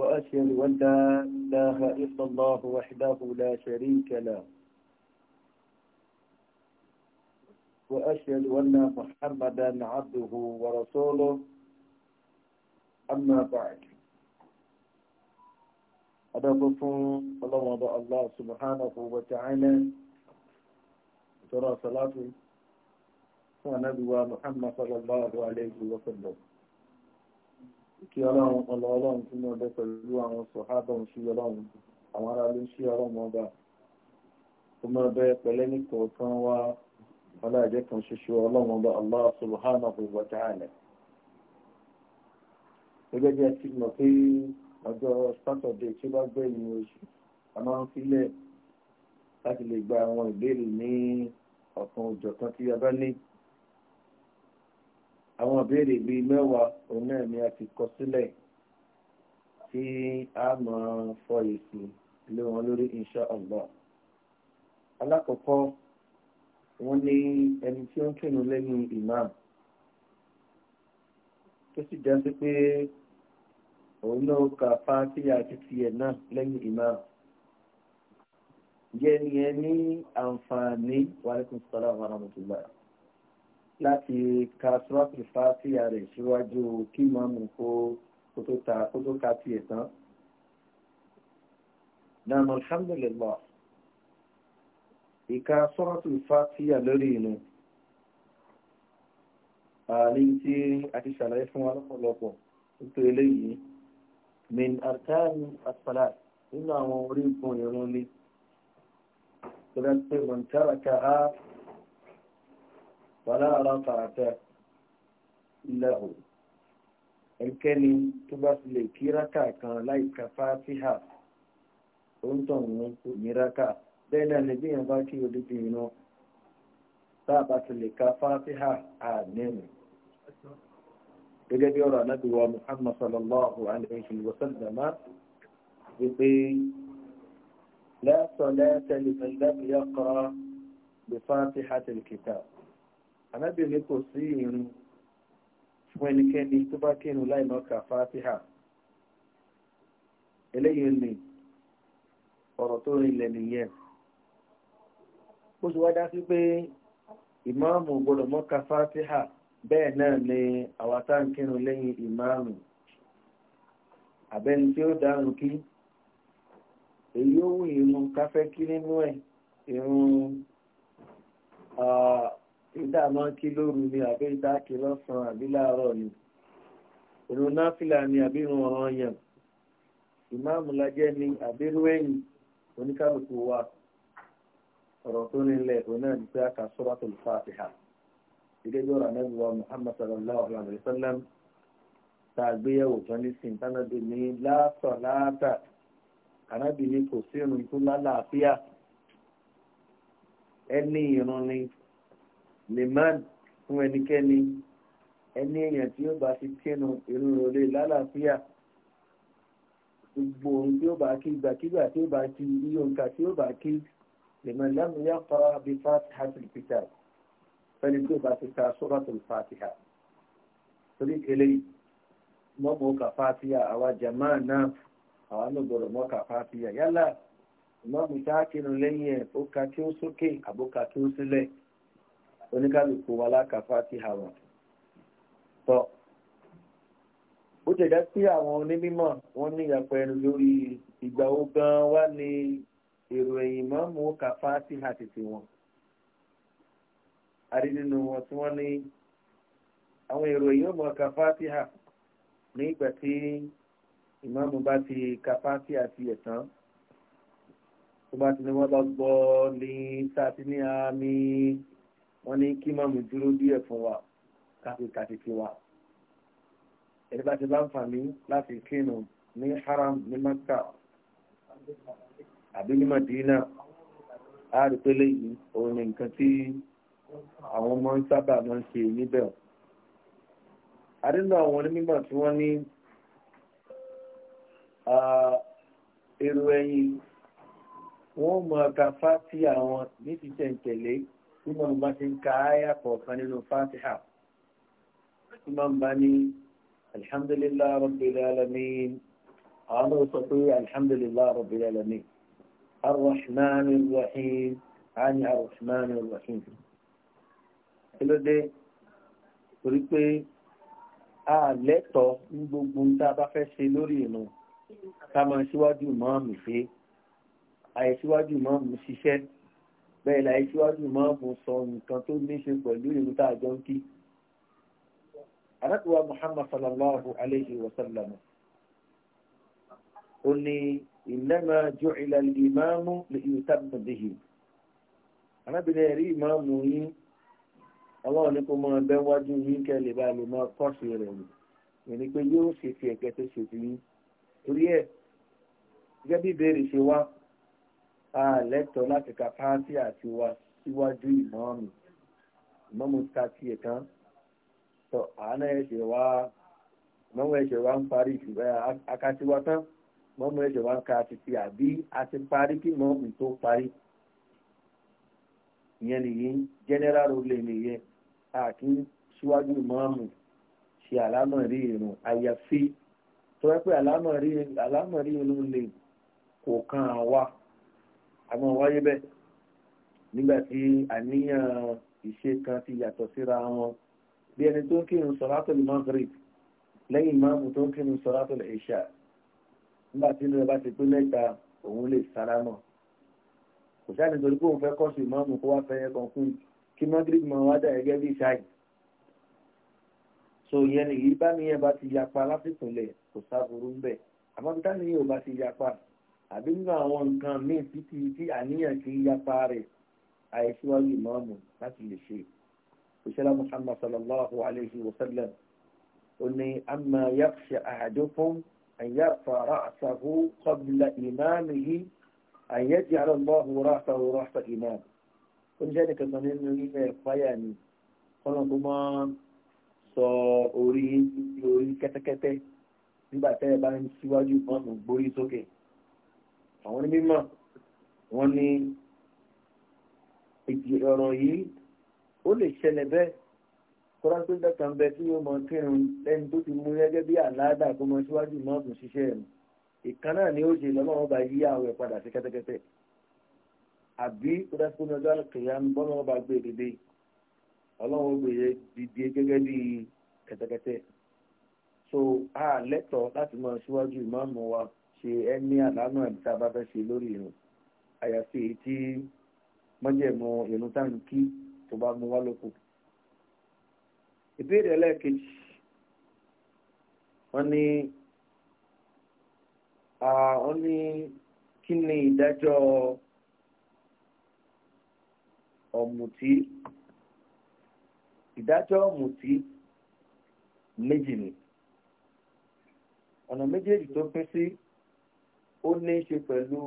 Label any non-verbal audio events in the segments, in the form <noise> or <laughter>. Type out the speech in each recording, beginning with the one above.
وأشهد أن لا إله إلا الله وحده لا شريك له وأشهد أن محمدا عبده ورسوله أما بعد أدب فون الله الله سبحانه وتعالى ترى صلاته ونبوى محمد صلى الله عليه وسلم kí ọlọ́run ọlọ ọlọ́run tí wọ́n bẹ pẹ̀lú àwọn sọ̀hábà ń ṣí ọlọ́run àwọn ará ló ń ṣí ọlọ́run ọba tó máa bẹ pẹ̀lẹ́ ní kọ̀ọ̀kan wá ọláìjẹ́ kan ṣoṣo ọlọ́run ọba Allah subhanahu wa ta'ala. gẹ́gẹ́ bí a ti mọ̀ pé ọjọ́ sátọ̀dé tí ó bá gbẹ̀yìn oṣù a máa ń filẹ̀ láti lè gba àwọn ìbéèrè ní ọ̀kan òjọ̀kan tí a bá ní àwọn ìbéèrè bíi mẹ́wàá òun náà ni a ti kọ sílẹ̀ tí a máa fọ èsì lé wọn lórí insha Allah. alákọ̀ọ́kọ́ wọ́n ní ẹni tí ó ń kírun lẹ́yìn imam tó sì já sí pé òun náà ka fátíyà àti tiẹ̀ náà lẹ́yìn imam jẹ́ ni ẹ ní àǹfààní wa alaikum salaam wa láti ka sọ́ọ̀tì fásíà rẹ̀ síwájú kí mọ́mù kó tó ta kó tó ka tiẹ̀ tán. Nàmọ̀ alhamdulillah ìka sọ́ọ̀tì fásíà lórí inú. Ààrí tí a ti ṣàlàyé fún wa lọ́pọ̀lọpọ̀ nítorí eléyìí. Min arkani asfala nínú àwọn orígun ìrún ni. Tó dá pé mọ̀ntáraka á فلا رفع له الكلم تبص لكيركا كان لا يكفى فيها انتم منكم نيركا بين الذين باكي يدفينو تبص لكفى فيها آمين إذا يرى نبي محمد صلى الله عليه وسلم يقول لا صلاة لمن لم يقرأ بفاتحة الكتاب anábìnrin kò sí irun fún ẹnikẹ́ni tó bá kírun láì má ka fatiha eléyìí ni ọ̀rọ̀ tó rinlẹ̀ nìyẹn ó sì wá dá sí pé ìmáàmù gbọ́dọ̀ má ka fatiha bẹ́ẹ̀ náà ni àwọn tá ń kírun lẹ́yìn ìmáàmù àbẹ́ni tí ó dárun kí èyí ó wù irun káfẹ́ kí nínú ẹ̀ irun ìdá máa kí lóru ni àbí ìdá kí lọ́sàn-án àbí láàárọ̀ ni ìrun náfìlà ni àbí ìrun ọ̀ràn yàn ìmáàmù lajẹ́ ni àbí irú ẹ̀yìn oníkálukú wa ọ̀rọ̀ tó nílẹ̀ òun náà ní pé a kà Suratul Fatiha ìdẹ́jọ́ ọ̀rọ̀ anábì wa Muhammad sallallahu alayhi wa sallam tá a gbéyàwó ní sin tánàbì ní láàtọ̀ láàtà anábì ní kò sí irun tó lálàáfíà ẹni ìrun ni lèman fún ẹnikẹ́ni ẹni èèyàn tí ó bá ti kínú irun òrùlé lálàáfíà gbogbo ohun tí ó bá kí ìgbàkígbà tí ó bá kí iye òǹkà tí ó bá kí lèman lámù yá pa bí fatiha ti pìtà fẹ́ni tí ó bá ti ka suratul fatiha torí eléyìí mọ́mọ́ ó fatiha àwa jamaa náà àwa náà gbọ́dọ̀ mọ́ fatiha yálà ìmọ̀mù tá a kírun lẹ́yìn ẹ̀ ó ka kí ó sókè àbó kí ó sílẹ̀ oníkálùkù wa lákàfà ti hàwà tọ́ ó jẹ̀dá sí àwọn onímọ̀ wọ́n ní ìyàpọ̀ ẹnu lórí ìgbà wo gan wá ní èrò ẹ̀yìn mọ́ mú kàfà ti hà tètè wọn àrí nínú wọn tí wọ́n ní àwọn èrò ẹ̀yìn mọ́ kàfà ti hà ní ìgbà tí ìmáàmù bá ti kàfà ti àti ẹ̀tàn tó bá ti ní wọ́n lọ gbọ́ ní sátì ní àmì wọ́n ní kí máa mú dúró díẹ̀ fún wa káfí kàti fi wa ẹni bá ti bá ń fà mí láti kírun ní haram ní maka àbí ní madina a rí pé léyìí òun ni nǹkan tí àwọn ọmọ ń sábà máa ń ṣe níbẹ̀ àdínlọ àwọn onímọ̀ tí wọ́n ní èrò ẹ̀yìn wọ́n mọ̀ ká fásitì àwọn ní ti tẹ̀ǹtẹ̀lé nígbà mo bá ti ń ka àyà kọ̀ọ̀kan nínú fatiha tí máa ń bá ní alhamdulillah rabbil alamin àwọn náà sọ pé alhamdulillah rabbil alamin arrahman arrahim ani arrahman arrahim kí ló dé torí pé a lẹ́tọ̀ ní gbogbo tá a fẹ́ ṣe lórí ìrun ká máa síwájú mọ́ mi ṣe àìsíwájú mọ́ mi ṣiṣẹ́ bẹ́ẹ̀ láì síwájú máa mú sọ nǹkan tó ní ṣe pẹ̀lú ìlú tá a jọ ń kí. arákùnrin muhammad sallallahu alayhi wa sallam ó ní innama ju'ila al-imamu liyutamma bihi. arábìnrin ẹ̀rí ìmáàmù yín ọlọ́run ní kó máa bẹ́ wájú yín kẹ́ lè bá lè máa kọ́ọ̀sì rẹ̀ nù. ìní pé yóò ṣe ti ẹ̀kẹ́ tó ṣe ti yín. torí ẹ̀ gẹ́gẹ́ bí ìbéèrè ṣe wá ààlẹ́tọ̀ láti ka fáàtì àti wa síwájú ìmọ̀ọ́mù ìmọ̀ọ́mù ta ti ẹ̀kan tọ́ àánà ẹ̀ṣẹ̀ wá mọ́mú ẹ̀ṣẹ̀ wá ń parí akatiwa tán mọ́mú ẹ̀ṣẹ̀ wá ń ka àti ti àbí a ti parí kí mọ́mù tó parí ìyẹn nìyí general rule nìyẹn àkí síwájú ìmọ̀ọ́mù ṣe àlámọ̀ rí irun àyàfi tó wẹ́ pé àlámọ̀ rí irun lè kò kan àwa àmọ́ wáyé bẹ́ẹ̀ nígbà tí àníyàn ìṣe kan ti yàtọ̀ síra wọn bí ẹni tó ń kírun sọ̀rátòlì Maghrib lẹ́yìn ìmáàmù tó ń kírun sọ̀rátòlì Isha nígbà tí inú ẹ bá ti pé mẹ́ta òun lè sára mọ̀ kò sáà nítorí pé òun fẹ́ kọ́ sí ìmáàmù kó wá fẹ́yẹ kan fún kí Maghrib máa wá dà gẹ́gẹ́ bí ṣáì so ìyẹn nìyí bá níyẹn bá ti yapa lásìkò lẹ̀ kò sáà burú ń bẹ̀ àmọ́ bí táníyàn ò bá ti yapa àbí nínú àwọn nǹkan míì títí tí àníyàn kì í yapa rẹ̀ àìsíwájú ìmọ̀ọ́mù láti lè ṣe òṣèlú muhammad sallallahu alayhi wa sallam ó ní amma yakhsha ahadukum an yarfa ra'sahu qabla imamihi an yaj'ala Allahu ra'sahu ra'sa imam ó ní sẹ́ni kankan nínú ilé ẹ̀fáyà ni kọ́nà tó máa sọ orí orí kẹ́tẹ́kẹ́tẹ́ nígbà tẹ́ ẹ bá ń síwájú ìmọ̀ọ́mù gbórí sókè. Okay àwọn onímọ̀ wọn ni ìjì ọ̀rọ̀ yìí ó lè ṣẹlẹ̀ bẹ́ẹ̀ kọ́lápẹ́ńtà kan bẹ tí yóò mọ kírun lẹ́ni tó ti mú gẹ́gẹ́ bí àláàdà kó mọ síwájú mọ́ọ̀tún ṣiṣẹ́ rẹ̀ ìkan náà ni ó ṣe lọ́nà ọba yí àwọn ẹ̀ padà sí kẹ́tẹ́kẹ́tẹ́ àbí kọ́lápẹ́ńtà ọjọ́ àkèyà ń bọ́ lọ́wọ́ bá gbé dìde ọlọ́run gbé dìde gẹ́gẹ́ bí kẹ́tẹ́kẹ́tẹ́ so a lẹ́tọ̀ọ́ láti mọ síwájú ìmáàmù wa ṣe ẹni àlànà tá a bá fẹ́ ṣe lórí irun àyàfi èyí tí mọ́jẹ̀mú irun táǹkì tó bá mú wá lóko. ìbéèrè ẹlẹ́ẹ̀kejì wọ́n ní wọ́n ní kí ni ìdájọ́ ọ̀mùtí ìdájọ́ ọ̀mùtí méjì ni ọ̀nà méjèèjì tó pín sí. Si, ó ní í ṣe pẹ̀lú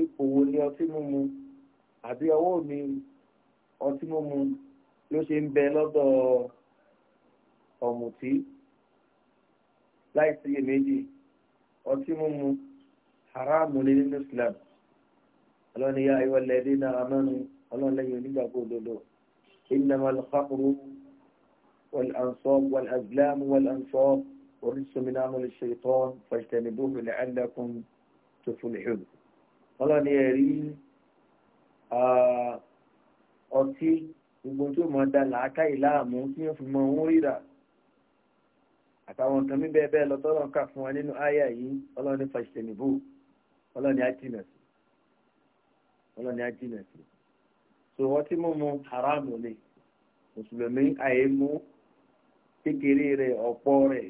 ipò wo ni ọtí mímu àbí ọwọ́ mi ọtí mímu ló ṣe ń bẹ lọ́dọ̀ ọ̀mùtí láì sí iyèméjì ọtí mímu haramu ní nínú Islam ọlọ́ni yá ayọ́ lẹ́dí náà amánu ọlọ́lẹ́yìn onígbàgbọ́ òdodo innamal khamru wal ansab wal azlam wal ansab oríṣi من عمل الشيطان ṣe tọ́ تفلحون. ìlẹ̀ ẹ̀dẹ́kùn tó fún ìhùn. wọ́n lọ ní ẹ̀rí ọtí gbogbo tó mọ̀ dá làákà ìlààmú tí wọ́n fi mọ òun ríra àtàwọn nǹkan mi bẹ́ẹ̀ bẹ́ẹ̀ lọ́tọ́rọ̀ kà fún wa nínú àyà yìí ọlọ́ni fẹ̀tẹ̀nìbó ọlọ́ni ájínà sí ọlọ́ni so wọ́n ti mú mu haramu ni mùsùlùmí àyè mú kékeré rẹ̀ ọ̀pọ̀ rẹ̀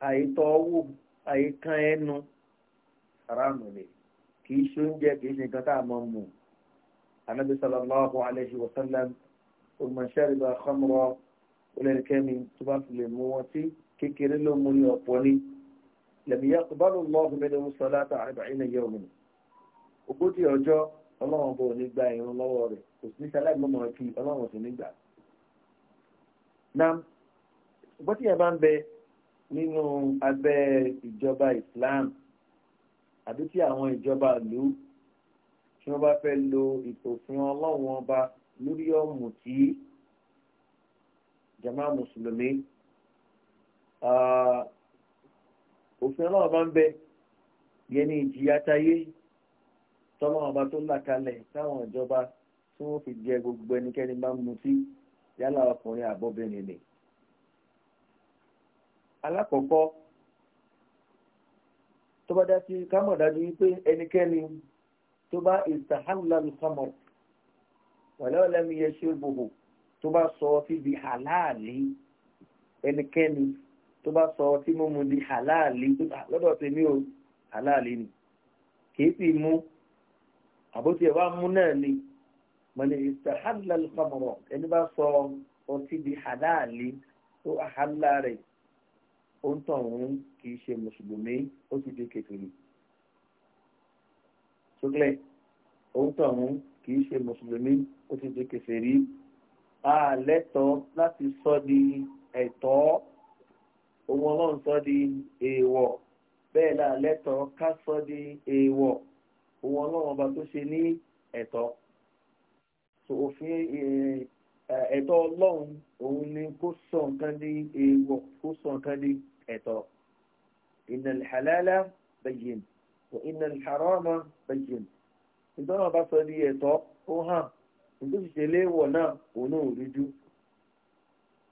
àìtọ́ owó àìkan ẹnu haramu ni kì í ṣe oúnjẹ kì í ṣe nǹkan tá a mọ̀ mú anabi sallallahu alayhi wa sallam olùmọ̀ṣẹ́rìbà khamra olẹ́nikẹ́ni tó bá fi lè mú wọn tí kékeré ló mú ní ọ̀pọ̀ ni lẹ́mi yá tó bá lò lọ́ọ̀hún mi lóhun sọ látà arba'ina yawman ogójì ọjọ́ ọlọ́run bò ní gba ìrun lọ́wọ́ rẹ̀ kò sí sáláì mọ́mọ́ kí ọlọ́run sì ní gbà nínú abẹ́ ìjọba Islam àbí tí àwọn ìjọba ìlú tí wọ́n bá fẹ́ lo ìtòfin ọlọ́run ọba lórí ọ̀mùtí jama mùsùlùmí òfin ọlọ́run bá ń bẹ yẹn ní ìjìyà táyé tọ́lọ́run bá tó là kalẹ̀ táwọn ìjọba tí wọ́n fi jẹ gbogbo ẹnikẹ́ni bá mutí yálà ọkùnrin àbọ̀bìnrin nìyí alákọ̀ọ́kọ́ tó bá dá sí kámọ̀ dájú wípé ẹnikẹ́ni tó bá ìsàhánlámi kámọ̀ wàlẹ́ ọ̀lẹ́mi yẹ ṣe gbogbo tó bá sọ ọtí di àláàlí ẹnikẹ́ni tó bá sọ ọtí mímu di àláàlí lọ́dọ̀ tèmi o àláàlí ni kìí sì mú àbótiẹ̀ wá mú náà ni mọ̀lẹ́ ìsàhánlámi kámọ̀ ẹni bá sọ ọtí di àláàlí tó àhálà rẹ̀ ó ń tọ̀ wọ́n kì í ṣe mùsùlùmí ó ti di kèfèrí ṣúgbẹ́ ó ń tọ̀ wọ́n kì í ṣe mùsùlùmí ó ti di kèfèrí a lẹ́tọ̀ọ́ láti sọ di ẹ̀tọ́ ohun ọlọ́run sọ di èèwọ̀ bẹ́ẹ̀ la lẹ́tọ̀ọ́ ká sọ di èèwọ̀ ohun ọlọ́run ọba tó ṣe ní ẹ̀tọ́ òfin eh, ẹ̀tọ́ ọlọ́run òun ni kó sọ nǹkan di èèwọ̀ kó sọ nǹkan di ẹ̀tọ́ inna الحلال halala bayyin الحرام inna al-harama bayyin ìtọ́nà bá sọ di ẹ̀tọ́ ó hàn nítorí ṣe léèwọ̀ náà òun náà ò rí jú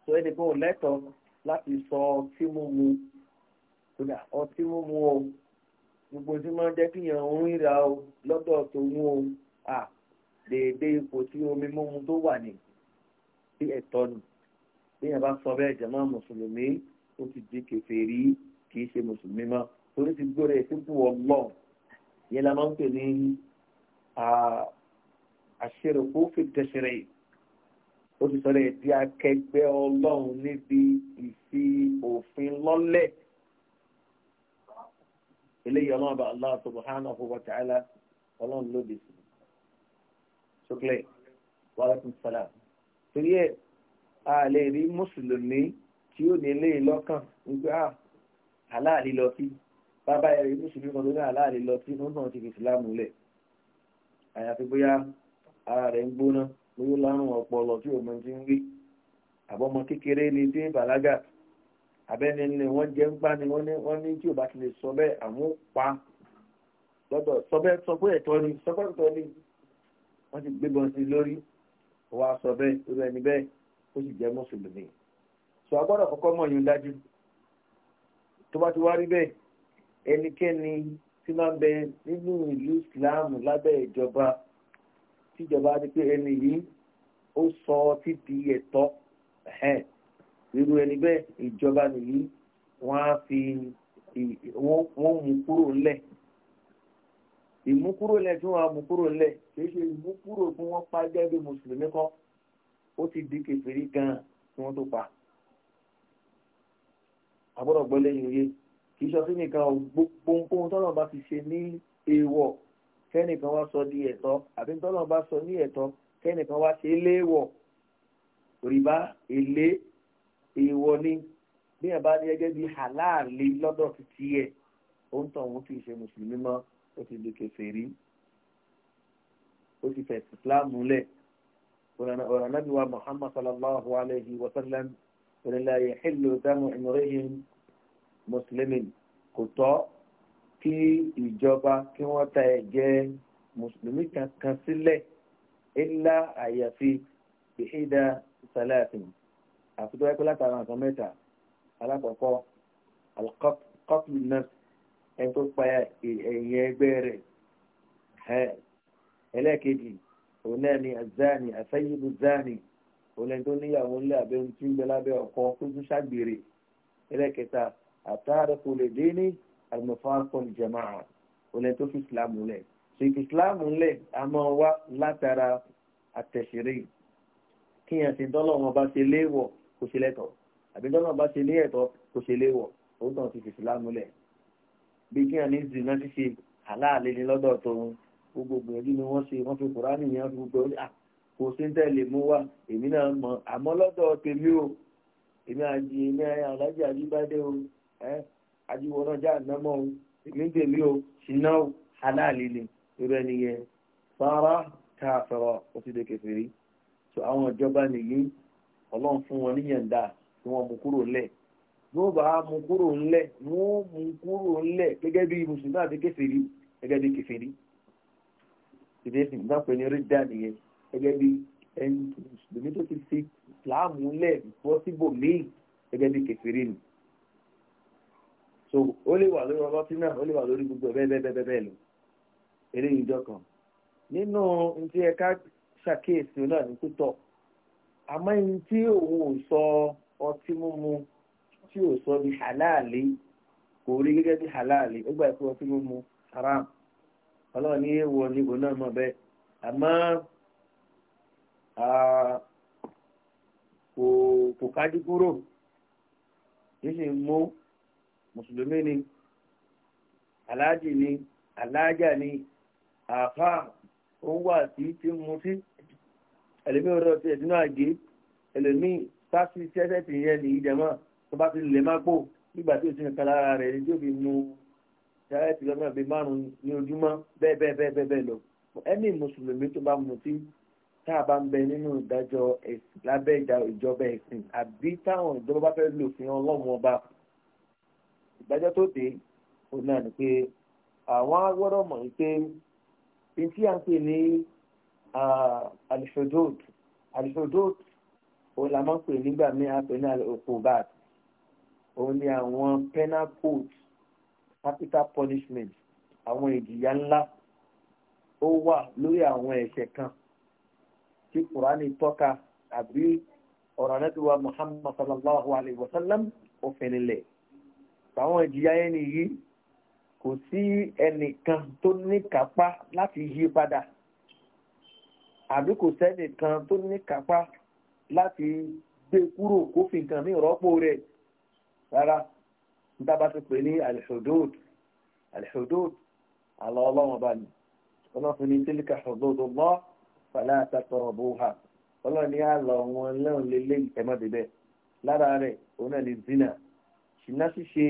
sọ ẹni pé òun lẹ́tọ̀ọ́ láti sọ ọtí mímu kódà ọtí mímu o gbogbo tí máa ń jẹ́ kíyàn ń ríra o lọ́dọ̀ tó mú o à dèédé ipò tí omi mímu tó wà ní bí ẹ̀tọ́ nù bí yẹn bá sọ bẹ́ẹ̀ jẹ́ máa mùsùlùmí ó ti di kèfèrí kì í ṣe mùsùlùmí mọ́ torí ti gbóre sípò ọlọ́ yẹn la máa ń pè ní àṣẹrò kó fi tẹ̀sẹ̀rẹ̀ ó ti sọ̀rọ̀ ẹ̀dí akẹgbẹ́ ọlọ́run níbi ìfi òfin lọ́lẹ̀ eléyìí ọlọ́run bá Allah subhanahu wa ta'ala ọlọ́run lòdì sí ṣókè wàhálà tó ń sọ̀rọ̀ torí ẹ̀ a lè rí mùsùlùmí tí ó nílé lọ́kàn wípé ah, aláàlí lọ sí bàbá ẹ̀rí mùsùlùmí kan tó ní aláàlí lọ sí nínú náà ti fi ìsìlámù lẹ̀ àyàfi bóyá ara rẹ̀ ń gbóná bóyá lárùn ọpọlọ tí òun ti ń wí àbọ̀mọ kékeré ni tí ń bàlágà abẹ́ni ni wọ́n jẹ́ ń gbá ni wọ́n ní tí ò bá ti lè sọ bẹ́ẹ̀ àwọn pa lọ́dọ̀ sọ bẹ́ẹ̀ sọ pé ẹ̀tọ́ ni sọ pé ẹ̀tọ́ ni wọ́n ti gbébọn sí lórí wọ́n á sọ bẹ́ẹ̀ irú ẹni bẹ́ẹ̀ ó sì jẹ́ mùsùlùmí so a gbọ́dọ̀ kọ́kọ́ mọ̀ yín dájú tó bá ti wá rí bẹ́ẹ̀ ẹnikẹ́ni tí máa ń bẹ nínú ìlú Islam lábẹ́ ìjọba tíjọba ti pé ẹni yìí ó sọ títí ẹ̀tọ́ irú ẹni bẹ́ẹ̀ ìjọba nìyí wọ́n á fi wọ́n mú kúrò ńlẹ̀ ìmúkúrò lẹ tí wọ́n á mú kúrò ńlẹ̀ kì ṣe ìmúkúrò fún wọn pa gẹ́gẹ́ bí mùsùlùmí kan ó ti di kèfèrí gan-an tí wọ́n tó pa àbúrò gbọ́ lẹ́yìn oyé kì í sọ sí nìkan gbogbon tọ́lọ̀ bá ti ṣe ní èèwọ̀ kẹ́nìkan wá sọ di ẹ̀tọ́ àbí tọ́lọ̀ bá sọ ní ẹ̀tọ́ kẹ́nìkan wá ṣe léèwọ̀ rìbá èlé èèwọ̀ ni bí ẹ̀ bá ní ẹgẹ́ bíi hàláàlì lọ́dọ̀ ti tiẹ̀ ó ń tàn òun ti ṣe mùsùlùmí mọ́ ó ti di kèfèrí ó ti fẹ̀ ìsìláàmù lẹ̀ ọ̀rọ̀ anábìwá muhammad sallallahu alayhi wa sallam ìrìnlẹ̀ yẹ̀ xìlò dáhùn ìmọ̀rẹ́yìn mùsùlùmí kò tọ́ kí ìjọba kí wọ́n ta ẹ̀jẹ̀ mùsùlùmí kankan sílẹ̀ ilá àyàfi ìhídà sálàfin àfi tó wáyé látara nǹkan mẹ́ta alákọ̀ọ́kọ́ alkọ́pù náà ẹni tó pa ẹ̀yẹ ẹgbẹ́ rẹ̀ ẹlẹ́ẹ̀kejì òun náà ni azani asayibu zani òun ẹni tó níyàwó ńlẹ̀ abẹ́rún tí ń bẹ lábẹ́ ọkọ tó tún ṣàgbèrè ẹlẹ́ẹ̀kẹta àtàrẹ́kù lè dé ní àlùmọ̀fáàkọ́lì jẹ̀máà olè tó fi islam lẹ̀ so ìfi islam lẹ̀ a máa wá látara àtẹ̀sírí kí yẹn ti dọ́lọ́ wọn bá ṣe léèwọ̀ kò ṣe lẹ́tọ̀ àbí dọ́lọ́ bá ṣe ní ẹ̀tọ́ kò ṣe léèwọ̀ òun tàn fi islam lẹ̀ bí kí yẹn ní zina ṣíṣe aláàlẹ́ ni lọ́dọ̀ tóun gbogbo ẹbí ni wọ́n ṣe wọ́n fi kùránì yẹn fi gbogbo ẹbí kò sí ń tẹ̀lé mú wá èmi náà mọ̀ àmọ́ lọ́dọ̀ tèmi o èmi àjì èmi àlájì àjíbádé o ẹ́ ajíwọ̀nà já nàmọ́ o èmi tèmi o ṣìnà o aláàlì ni irú ẹni yẹn sáárá káàfẹ́rọ ó ti dé kẹfìrí tó àwọn ìjọba nìyí ọlọ́run fún wọn níyànjá tí wọ́n mú kúrò lẹ̀ yóò bá mú kúrò ńlẹ̀ wọ́n mú kúrò ńlẹ̀ gẹ́gẹ́ bí mùsùlùmí àti kẹfìrí gẹ́gẹ́ bí kẹfìrí ìdẹ́sìn ìdápẹ́ ni rí nìyẹn gẹ́gẹ́ bí ẹni tó ti fi làámúlẹ̀ bọ́ síbò míì gẹ́gẹ́ bí kẹfìrí nìyẹn. so ó lè wà lórí ọlọ́tí náà ó lè wà lórí gbogbo bẹ́ẹ̀ bẹ́ẹ̀ kan nínú ṣàkíyèsí náà ní àmọ́ tí òun ò tí ò sọ halali kò rí gẹ́gẹ́ bí halali ó gbà pé ọtí haram ọlọ́run ní náà mùsùlùmí ni aláàjì ni alaja ni àfà òun wà sí tí ń mutí ẹlẹ́mí ọ̀rọ̀ ti ẹ̀dínú àgé ẹlẹ́mí sáàsì sẹ́sẹ̀ tì yẹn ní ìjẹ̀mọ́ tó bá ti lè má pò nígbà tí o ti nìkan lára rẹ̀ ni tí o fi mu sáyẹ́tì lọ́nà bíi márùn-ún ní ojúmọ́ bẹ́ẹ̀ bẹ́ẹ̀ bẹ́ẹ̀ bẹ́ẹ̀ bẹ́ẹ̀ lọ ẹni mùsùlùmí tó bá mutí tá a bá ń bẹ nínú ìdájọ́ lábẹ́ ìjọba ẹ̀sìn àbí táwọn ìjọba bá fẹ́ lò fún ọlọ́run ọba ìdájọ́ tó dé òun náà ni pé àwọn agbọ́dọ̀ mọ̀ pé n tí à ń pè ní alifodot alifodot òun la máa ń pè nígbà míì a pè ní alikobat òun ni àwọn penal code capital punishment àwọn ìjìyà ńlá ó wà lórí àwọn ẹ̀ṣẹ̀ kan tí kùránì tọ́ka àbí ọ̀rọ̀ anábíwá muhammad sallallahu alayhi wa sallam ó nílẹ̀ àwọn ìjìyà yẹn nìyí kò sí ẹnìkan tó níkápá láti yí padà àbí kò sẹ́nìkan tó níkápá láti gbé kúrò kó fi nǹkan ní ìrọ́pò rẹ̀ rárá níta bá ti pè ní alhudud alhudud àlọ́ ọlọ́run ọba ni ọlọ́run ní tílíkà hududullah fala taqrabuha ọlọ́run ní àlọ́ wọn lẹ́hùn lélẹ́yìn ẹ̀mọ́débẹ̀ ṣìnà ṣíṣe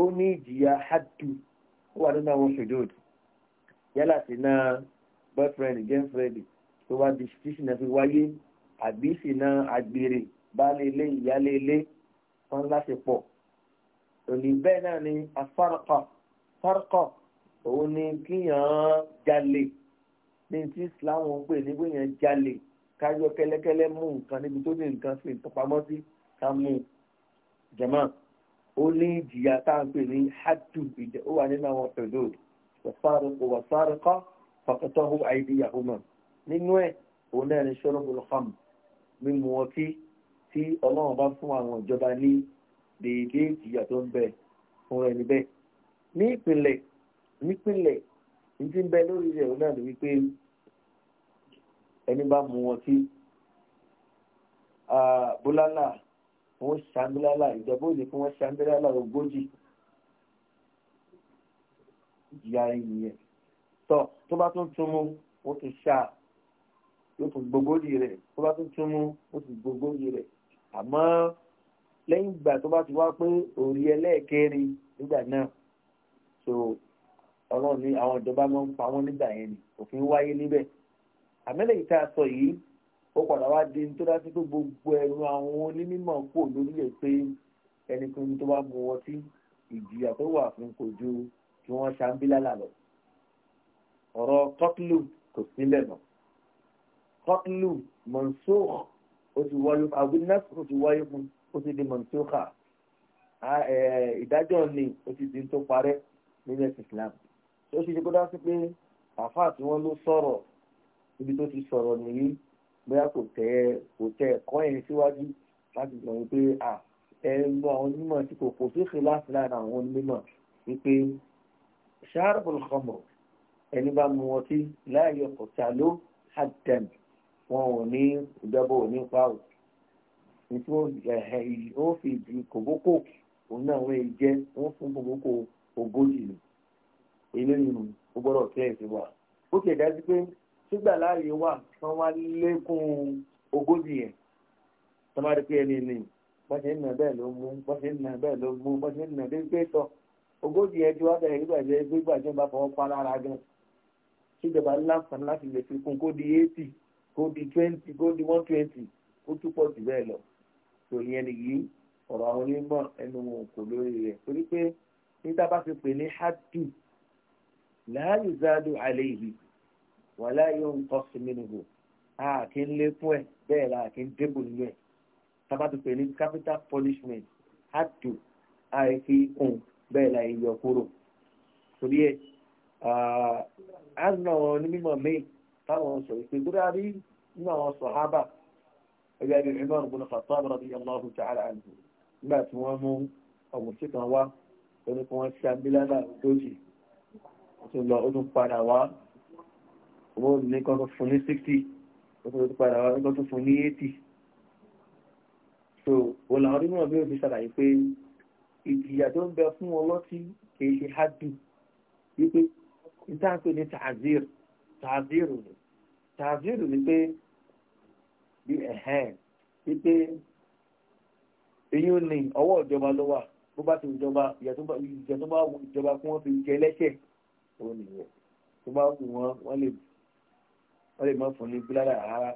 ó ní ìjìyà hadu ó wà nínú àwọn ṣòdòdì yálà ṣìnà boyfriend girlfriend tó wá di ṣìnà fi wáyé àbí ṣìnà àgbèrè baálé ilé ìyálé ilé wọn láti pọ̀ òní bẹ́ẹ̀ náà ni afárọ́kọ̀ fárọ́kọ̀ òun ni kíyàn jalè ní ti islam ń pè ní pé yàn jalè káyọ kẹ́lẹ́kẹ́lẹ́ mú nǹkan níbi tó ní nǹkan fi nǹkan pamọ́ sí ká mú un jama ó ní ìjìyà tá à ń pè ní hadu ìjẹ ó wà nínú àwọn ọ̀dọ́ wàsáàrùkọ́ fàkàtọ́hù àìdíyàwó mọ̀ nínú ẹ̀ òun náà ni ṣọ́rọ̀bùrù ham mímu ọtí tí ọlọ́run bá fún àwọn ìjọba ní dèédé ìjìyà tó ń bẹ fún ẹni bẹ́ẹ̀ ní ìpínlẹ̀ nípínlẹ̀ ní ti ń bẹ lórí rẹ̀ òun náà ni wípé ẹni bá mu ọtí ah, bólálà wọ́n ṣàmìlálà ìjọba òní fún wọ́n ṣàmìlálà ogójì ìyá ìyẹn tọ́ tó bá tún tún mú ó ti ṣá yóò tún gbogójì rẹ̀ tó bá tún tún mú ó ti gbogójì rẹ̀ àmọ́ lẹ́yìn ìgbà tó bá ti wá pé òrí ẹlẹ́ẹ̀kẹrin nígbà náà so ọlọ́run ní àwọn ìjọba máa ń pa wọ́n nígbà yẹn ni òfin wáyé níbẹ̀ àmẹ́lẹ̀ yìí tá a sọ yìí ó padà wá di tó dá sí pé gbogbo ẹ̀rù àwọn onímọ̀ pò lórí ẹ̀ pé ẹnikẹ́ni tó bá mu ọtí ìjìyà tó wà fún kò ju kí wọ́n ṣàǹbílálà lọ ọ̀rọ̀ tọ́kìlù kò sílẹ̀ náà tọ́kìlù mọ̀nsóòk ó ti wáyé abúlé ó ti wáyé fún ó ti di mọ̀nsóòkà ìdájọ́ ni ó ti di tó parẹ́ nílẹ̀ Islam ó ti di kó dá sí pé àfáà tí wọ́n ló sọ̀rọ̀ ibi tó ti sọ̀rọ̀ nìyí bóyá kò tẹ kò tẹ ẹ̀kọ́ yẹn síwájú láti mọ̀ wípé à ẹnu àwọn onímọ̀ tí kò kò sífì láti lára àwọn onímọ̀ wípé ṣáàrùbùn khamr ẹni bá mu ọtí láàyè ọ̀tà ló hàdẹ̀m wọn ò ní ìjọba ò ní pa ò ní tí wọ́n fi ìdí kòbókò òun náà wọ́n èyí jẹ́ wọ́n fún kòbókò ogójì ni èyí ló ní o gbọ́dọ̀ tẹ́ sí wa ó kì í dájú pé sígbà láàyè wà wọ́n wá lékún ogójì yẹn tó má rí pé ẹni ní wọ́n ṣe ń nà bẹ́ẹ̀ ló mú wọ́n ṣe ń nà bẹ́ẹ̀ ló mú wọ́n ṣe ń nà dé gbé tọ́ ogójì yẹn ti wá bẹ̀rẹ̀ nígbà tí ẹgbẹ́ ìgbà tí wọ́n bá fọwọ́ pa lára gan síjọba láǹfààní láti lè fi kún kó di eighty kó di twenty kó di one twenty ó túpọ̀ jù bẹ́ẹ̀ lọ tó yẹn nìyí ọ̀rọ̀ àwọn onímọ̀ ẹnu wọn kò lórí rẹ̀ torí pé níta bá fi pè ní hadu láàyè zádù àlẹ́ yìí wàlá yóò ń tọ́ sí mi nìgbò a kì í lékún ẹ̀ bẹ́ẹ̀ la kì í débò nínú ẹ̀ sábà tó ní capital punishment àdù àìfi kùn bẹ́ẹ̀ la yọ kúrò torí ẹ̀ àná wọn ní mímọ̀ míì táwọn sọ ìpè kúrò àbí nínú àwọn sọ̀hábà ẹgbẹ́ ẹgbẹ́ ìmọ̀ ọ̀gbọ́n Khattab radiyallahu ta'ala anhu nígbà tí wọ́n mú ọ̀gbọ̀nsí kan wá ó ní kí wọ́n ṣe àbílẹ̀ náà lójì ó tún lọ ó padà wá owó ní kan tó fún ní 60 ó tó padà wá kan fún ní 80 so òun làwọn onímọ̀ bí òfin ṣàlàyé pé ìjìyà tó ń bẹ fún ọlọ́tí kìí ṣe hádùn wípé ìtàkùn ní tàzír tàzír ni tàzír ni pé bí ẹ̀hẹ́n wípé èyí ò ní ọwọ́ ìjọba ló wà bó bá ti ìjọba ìjọba ìjọba kí fi jẹ lẹ́sẹ̀ òun nìyẹn tó bá wù wọ́n wọ́n lè wọ́n lè mọ́ fún ní bílára rárá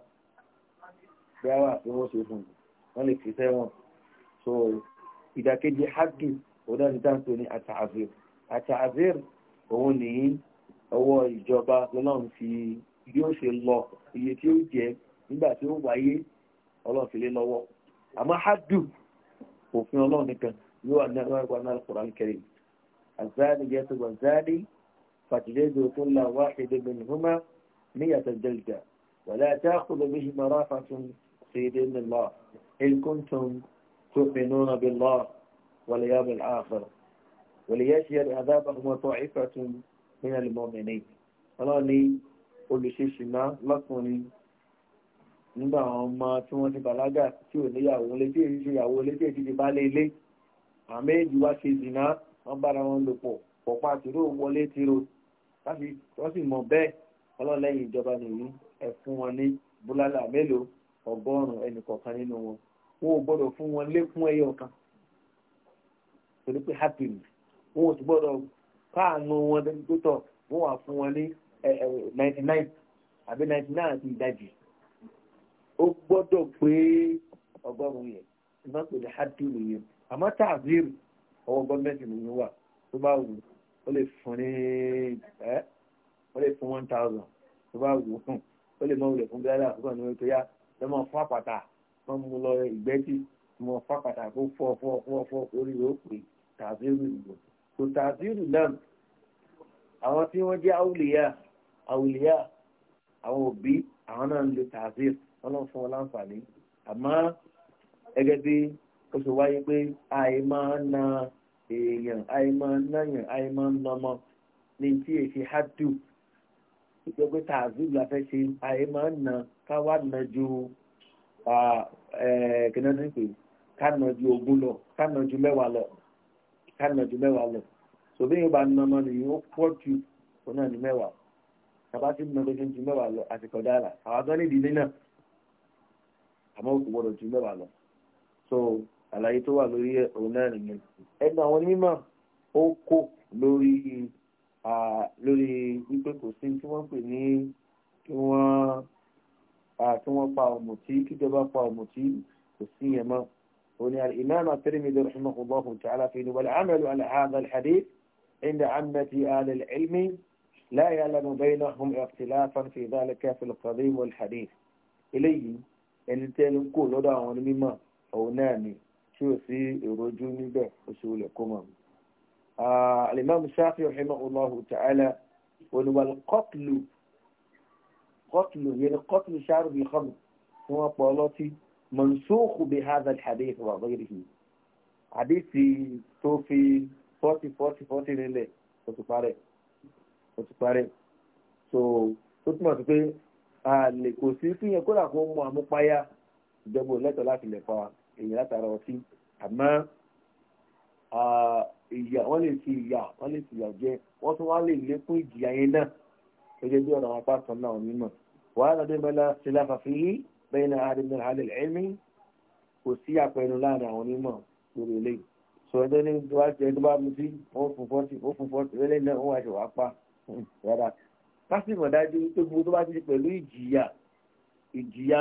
bílára tí wọ́n ṣe fún wọ́n lè fi sẹ́wọ̀n so ìdàkejì hajj òun ní dáńtò ní àtàzír àtàzír òun ní ọwọ́ ìjọba lọ́nà fi bí ó ṣe lọ iye tí ó jẹ nígbà tí ó wáyé ọlọ́run fi lé lọ́wọ́ àmọ́ hajj òfin ọlọ́run nìkan yóò wà ní àwọn àwọn Al-Qur'an Karim azani yẹtùgbọ̀n zani fàtìlẹ́dọ̀ tó la wáhìdì mìíràn مية جلدة ولا تأخذ بهما رافعة في دين الله إن كنتم تؤمنون بالله واليوم الآخر وليشهد عذابهما طائفة من المؤمنين ọlọ́run ní olùṣèṣì náà lọ́kùnrin nígbà àwọn ọmọ tí wọ́n ti bàlágà tí ò níyàwó lé tí èyí ṣe ìyàwó lé tí èyí ti bá lé ilé àmì èjì wá ṣe zìnà wọ́n bára wọn lò pọ̀ pọ̀pá tìró wọlé tìró wọ́n sì mọ̀ bẹ́ẹ̀ ọlọ́lẹ́yìn ìjọba nìyí ẹ fún wọn ní búlálà mélòó ọgọ́rùn-ún ẹnìkọ̀ọ̀kan nínú wọn wọn ò gbọ́dọ̀ fún wọn lékún ẹyọ kan torí pé happy ni wọn ò sì gbọ́dọ̀ káàánú wọn dẹ́gbẹ́tọ̀ wọn wà fún wọn ní ninety nine àbí ninety nine àti ìdajì ó gbọ́dọ̀ pé ọgọ́rùn-ún yẹn ìmọ̀ pé happy nìyẹn àmọ́ tààzírù ọwọ́ gọ́ọ̀mẹ́ntì nìyẹn wà tó bá wù ó lè fún ní ẹ́ wọ́n lè fún one thousand tó bá wù ú ó lè mọ wulẹ̀ fún gíláàdà àkókò ní wípé yá ẹ mọ fún àpàtà wọ́n mú lọ ìgbẹ́tì mọ fún àpàtà kó fọ́ fọ́ fọ́ fọ́ orí rẹ̀ ó pè tàzírù ìgbò kò tàzírù náà àwọn tí wọ́n jẹ́ àwùlíyà àwùlíyà àwọn òbí àwọn náà ń lo tàzírù wọ́n lọ fún wọn láǹfààní àmọ́ ẹgẹ́ bí ó ṣe wáyé pé àì máa ń na èèyàn àì máa ń náyàn àì máa ń nọmọ ní tí èsì hádùn ìjọba tààzíù la fẹ́ ṣe àyè máa ń na ká wá na ju kìnnà ní pé ká na ju ogún lọ ká na ju mẹ́wàá lọ ká na ju mẹ́wàá lọ sòbí yóò bá na ọmọ nìyí ó pọ̀ ju òun náà ní mẹ́wàá tàbá tí mo gbé ju mẹ́wàá lọ àsìkò dára àwọn àgbọn nídìí náà àmọ́ kò gbọdọ̀ ju mẹ́wàá lọ so àlàyé tó wà lórí òun náà nìyẹn ẹgbẹ́ àwọn onímọ̀ ó kò lórí lórí wípé kò sí tí wọ́n pè ní kí wọ́n tí wọ́n pa ọ̀mùtí kíjọba pa ọ̀mùtí kò sí yẹn mọ́. هنا الإمام الترمذي رحمه الله تعالى في والعمل على هذا الحديث عند عامة أهل العلم لا يعلم بينهم اختلافا في ذلك في القديم والحديث إليه أن تنقل دعون مما أو نامي شو سي رجوني به أصول كمام alimami Shafi'i rahimahullahu ta'ala oníwàlú kọ́tùlù kọ́tùlù yẹn kọ́tùlù ṣáàrù bíi khamr tí wọ́n pọ̀ ọlọ́tí mọ̀nsóòkù bíi hadha al-hadith wa ghayrihi àdìsí tó fi fọ́tì fọ́tì fọ́tì nílẹ̀ ó ti parẹ́ ó ti parẹ́ so tó túmọ̀ sí pé a lè kò sí fún yẹn kódà kó mú àmúpáyà ìjọba ò lẹ́tọ̀ọ́ láti lè fa èyí látara ọtí àmọ́ ìyà wọ́n lè fi ìyà wọ́n lè fi ìyà jẹ wọ́n tún wá lè lékún ìjìyà yẹn náà gẹ́gẹ́ bí ọ̀rọ̀ àwọn apá kan náà onímọ̀ wàá lọ́dún ìbẹ̀lẹ̀ ṣẹlẹ̀ àfàfi yìí bẹ́ẹ̀ ni àdìmọ̀ àlẹ́ ẹ̀mí kò sí àpẹẹrẹ láàrin àwọn onímọ̀ lórí eléyìí sọ ẹjọ́ ní wá jẹ tó bá mutí ó fún fọ́tì ó fún fọ́tì lẹ́lẹ́ náà ó wá ṣe wàá pa hmm, rárá pásítọ̀ dájú tó gbogbo tó bá ti pẹ̀lú ìjìyà ìjìyà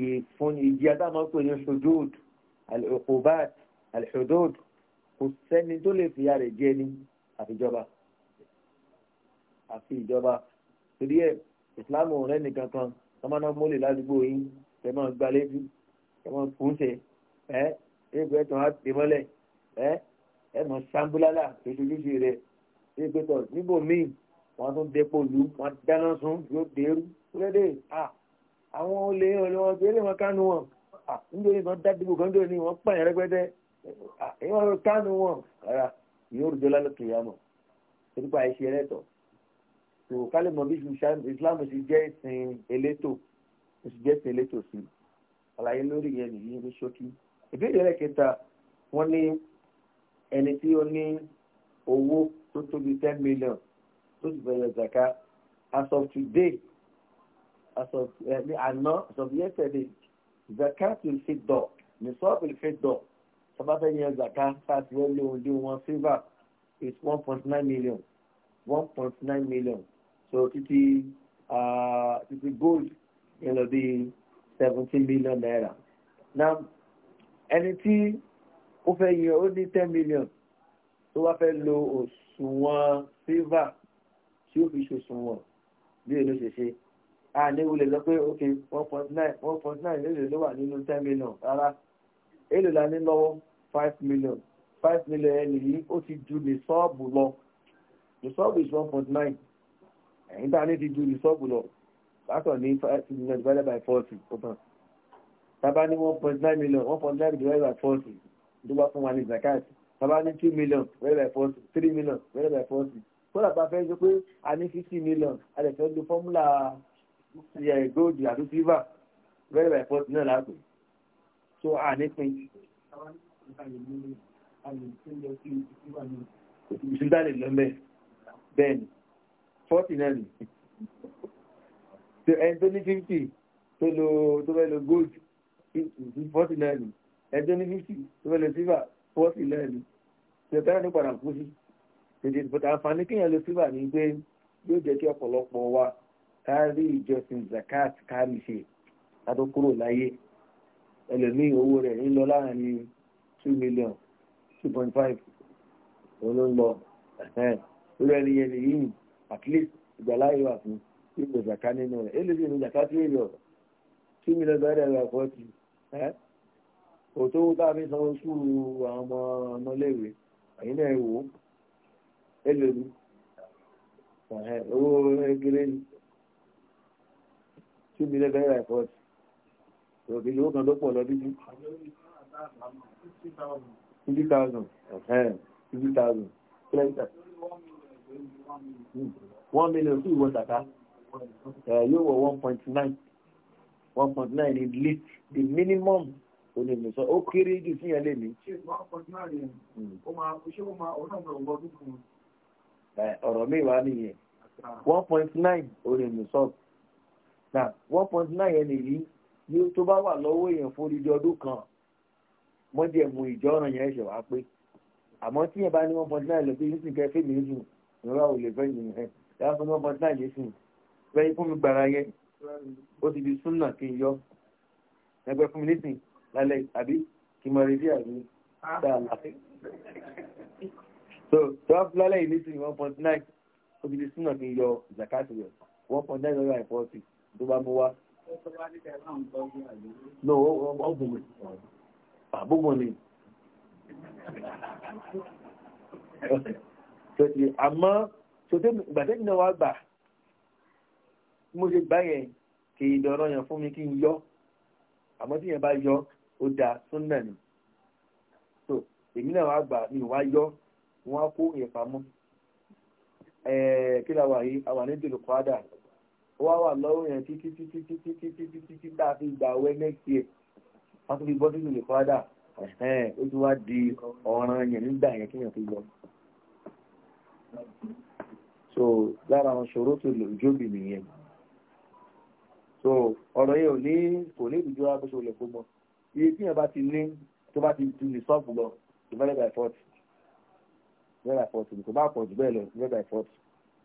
ìfúnni ìjìyà táwọn máa ń pè ní ṣòdòdò àlẹ́ kò sẹ́ni tó lè fìyà rẹ̀ jẹ ni àfijọba àfi ìjọba torí ẹ̀ ìsìláàmù rẹ̀ nìkan kan wọ́n máa ná mólè ládùúgbò yín ẹ máa gba létí ẹ máa kùn ṣe ẹ ẹgbẹ́ tán á ti mọ́lẹ̀ ẹ ẹ mọ̀ sambulala lóṣooṣù rẹ̀ ẹgbẹ́ tán níbo míì wọ́n tún dẹ́pọ̀ lù wọ́n dáná sun yóò dẹ́rù kúrẹ́dẹ́ à àwọn olè ọ̀lẹ́wọ̀n tó yẹ lè wọn kánú wọn à nítorí wọn dá dìbò kan tó ní pààyàn rẹpẹtẹ ìwọ kánú wọn rárá yóò rújọ lálẹ́ kìyàmọ̀ nípa ẹ̀ṣẹ̀ ẹlẹ́tọ̀ tó kálẹ̀ mọ̀ bí islam ṣe jẹ́ ìsìn elétò ó sì jẹ́ ìsìn elétò sí àlàyé lórí yẹn nìyí ní ṣókí ìbéèrè rẹ̀ kẹta wọ́n ní ẹni tí ó ní owó tó tóbi ten million tó sì bẹ̀rẹ̀ zaka as of today as of eh, àná as of yesterday zaka ti fi dọ̀ ní sọ́ọ̀bù fi dọ̀ sábàfẹ́ yẹn zaka sáàtì wọ́n lé ohun wọn silver is one point nine million one point nine million so títí títí gold yẹn lọ bí seventeen million naira na ẹni tí ó fẹ́ yẹ ó ní ten million tó wá fẹ́ lo òṣùwọ̀n silver tí ó fi ṣòṣùwọ̀n bí èlò ṣe ṣe a ní wulẹ̀ lọ pé ok one point nine one point nine lè lè ló nínú ten million rárá èlò la ní lọ́wọ́ five million five million ẹni yìí ó ti ju ní sọ́ọ̀bù lọ ní sọ́ọ̀bù is one point nine ẹ̀yìn tá a ní ti ju ní sọ́ọ̀bù lọ látọ̀ ní five million divided by forty kó tán tábà ní one point nine million one point nine divided by forty dúpọ̀ fún wa ní zakat tábà ní two million divided by forty three million divided by forty kódà bá fẹ́ sọ pé a ní fifty million a lè fẹ́ lo fọ́múlà eh, gold àti silver divided by forty náà lápè so à nípin ìsúndálè lọ́mẹ́ bẹ́ẹ̀ni fọ́tì náà ni ẹni tó ní fífì tó lo tó fẹ́ gold 49, náà ni ẹni tó ní fífì tó fẹ́ lo silver fọ́tì náà ni ṣètẹ́rẹ́ ní padà kú sí tètè bọ̀tà àǹfààní kéèyàn lo silver ni pé yóò jẹ́ kí ọ̀pọ̀lọpọ̀ wa ká ìjọsìn zakat ká rí ṣe ká tó kúrò láyé ẹlòmíì owó rẹ̀ ń lọ láàrin two million two point five òun ló ń lọ lórí at least ìgbàláyé wà fún ipò ìjàká nínú rẹ̀ eléyìí ìlú ìjàká tí èrè ọ̀rọ̀ two million dollar rẹ̀ kọ́ ti òtó tá a fi sanwó sùúrù àwọn ọmọ ọmọléèwé ẹ̀yin náà wò ó two million dollar rẹ̀ òbí yóò kan ló pọ̀ lọ bí 50,000 50,000 1 million sí ìwọ̀n tàkà yóò wọ point nine in least the minimum onímọ̀ sọ ó kéré jù síyàn lè ní. ọ̀rọ̀ mẹ́wàá nìyẹn 1.9 onímọ̀ sọ 1.9 yẹn nìyí ní tó bá wà lọ́wọ́ èèyàn fún odidi ọdún kan mọ́jẹ̀mú ìjọ́ràn yẹn ṣẹ̀ wá pé àmọ́ tí yẹn bá ní one point nine lọ pé yóò sì kẹ́ fèmí sùn ìrora ò lè fẹ́ yìí ẹ̀ yàrá fún one point nine yìí sùn fẹ́yìn fún mi gbàrà yẹn ó ti di súnà kí n yọ ẹgbẹ́ fún mi nísìn lálẹ́ àbí kí n mọ retí àbí dáadáa so twelve lálẹ́ yìí nísìn one point nine ó ti di súnà kí n yọ zakati rẹ̀ one point nine dollar and tó bá mú wá. No, ọgbùnmù. Àbúgbù ni. Tòtì àmọ́ tòtì gbàtẹ́ ìdíná wa gbà. Mo ṣe gbá yẹn kì í dọ̀rọ̀ yẹn fún mi kí n yọ. Àmọ́ tí yẹn bá yọ, ó da súnnà ni. So, èmi náà wá gbà ni wá yọ, wọ́n á kó yẹn pamọ́. kí a wà ní wá wà lọ́rùn yẹn títí títí títí títí títí tí tá fi gbà wẹ́ next year wọ́n tún fi bọ́ sínú ìfọ́dà ó tún wá di ọ̀ràn yẹn nígbà yẹn kí yẹn fi lọ. so lára àwọn ṣòro tó lò jóbi nìyẹn so ọ̀rọ̀ yẹn ò ní kò ní ìdíjọ́ abóso ilẹ̀ kó mọ iye tí yẹn bá ti ní tó bá ti tu ní sọ́ọ̀bù lọ divided by forty divided by forty kò bá pọ̀ jù bẹ́ẹ̀ lọ divided by forty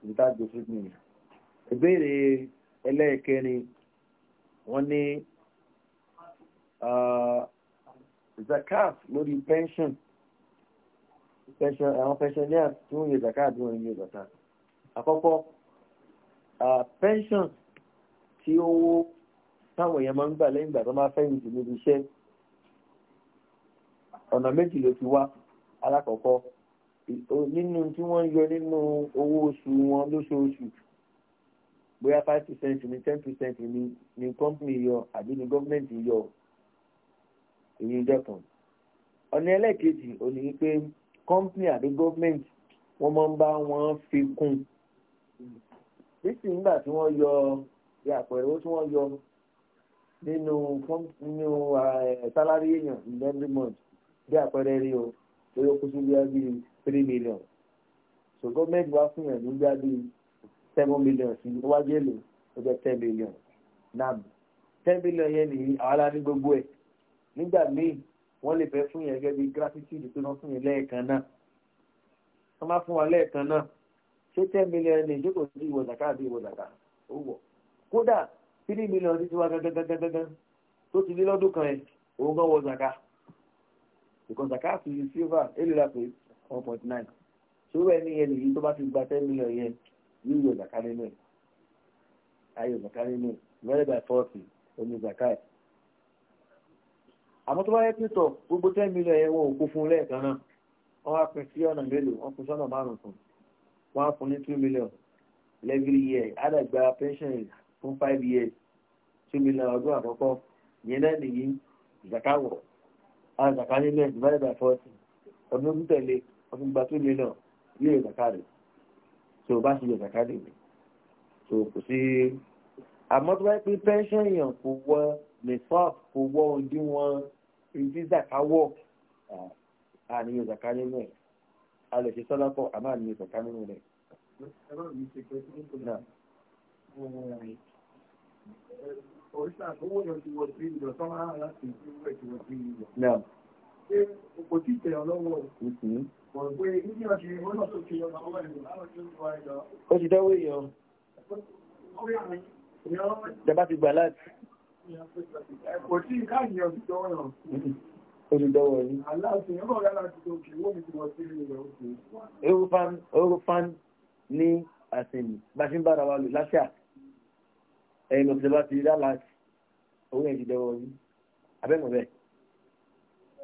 ìdí tá a gbé fún mi nìyẹn ìbéèrè ẹlẹ́ẹ̀kẹrin wọ́n ní zakat lórí pension àwọn pensioners tí wọ́n yẹ zakat bí wọ́n yẹ zakat àkọ́kọ́ pension tí owó táwọn èèyàn máa ń gbà lẹ́yìn ìgbà tó máa fẹ́yìn jù níbi iṣẹ́ ọ̀nà méjì ló fi wá alákọ̀ọ́kọ́ nínú tí wọ́n yọ nínú owó oṣù wọn lóṣooṣù bóyá five percent ní ten percent ní ní company yọ àbí ní gọ́ọ̀mẹ̀ntì yọ èyí ń dọ̀kan. ọ̀nà ẹlẹ́ẹ̀kejì ò ní pé company àbí government, wọ́n máa ń bá wọn fi kún bísí nígbà tí wọ́n yọ bí àpẹẹrẹ owó tí wọ́n yọ nínú nínú salary èèyàn in every month bí àpẹẹrẹ rí o ó yọ kó sí bí i three million so government wá fún yàn nígbà bíi seven million sí ó wá jẹ́ èlò ó jẹ́ ten million nam ten million yẹn nìyí àwọn aláàánú gbogbo ẹ̀ nígbà míì wọ́n lè fẹ́ fún yẹn gẹ́gẹ́ bí gratitude tó ná fún yẹn lẹ́ẹ̀kan náà wọ́n má fún wa lẹ́ẹ̀kan náà ṣé ten million ní ìjókòó sí ìwọ zaka àbí ìwọ zaka ó wọ̀ kódà three million ti ti wá gangan tó ti lé lọ́dún kan yẹn òun gan wọ zaka because zaka fi silver eight hundred and one point nine ṣòwò ẹni yẹn nìyí tó bá ti gba ten million yẹn yíyọ zaka nínú ẹ̀ ayọ̀ zaka nínú ẹ̀ divided by forty omi zaka ẹ̀. àmọ́ tó bá yẹ pítọ̀ gbogbo ten million yẹn wọn ò kó fún lẹ́ẹ̀kan náà wọ́n wá pín sí ọ̀nà mélòó wọ́n pín sọ́nà márùn-ún fún wọ́n á fún ní two million every year àdàgbà pension fún five years two million ọdún àkọ́kọ́ yẹn náà nìyí zaka wọ̀ á zaka nínú ẹ̀ divided by forty ọdún tẹ̀lé ọdún gba two million yíyọ zaka rẹ̀ tó o bá ṣe yọ zakari mi tó o kò sí àmọ́ tó bá yẹ pé pension yẹn kò wọ nìfọ́p kò wọ òdiwọ̀n ìdíjà káwọ̀ àníyàn zakari mi a lè ṣe sọ́dọ̀ pọ̀ àmọ́ àníyàn zakari mi rẹ̀. Oríṣiríṣi owó yẹn ti wọ sí ìlọsọ́nà láti ìlú rẹ̀ ti wọ sí ìlú pé kò mm-hmm. tí tẹ̀ ọ o. Ó ti dẹ́wọ́ èèyàn. Ìjọba ti gbà láti. Kò tí káàkiri ọ̀sìn tọ́wọ́ náà. Ó ti dẹ́wọ́ yìí. Aláàfin ẹgbẹ́ ọ̀gá láti tó kìí wọ́n mi ti wọ́n sí ilẹ̀ òkè. Eurofan ní àsìnì, bá ṣe ń bára wa lò láṣà. Ẹ̀yìn lọ́sẹ̀ bá ti rí láti. Owó yẹn ti dẹ́wọ́ yìí. Abẹ́mọ̀ bẹ́ẹ̀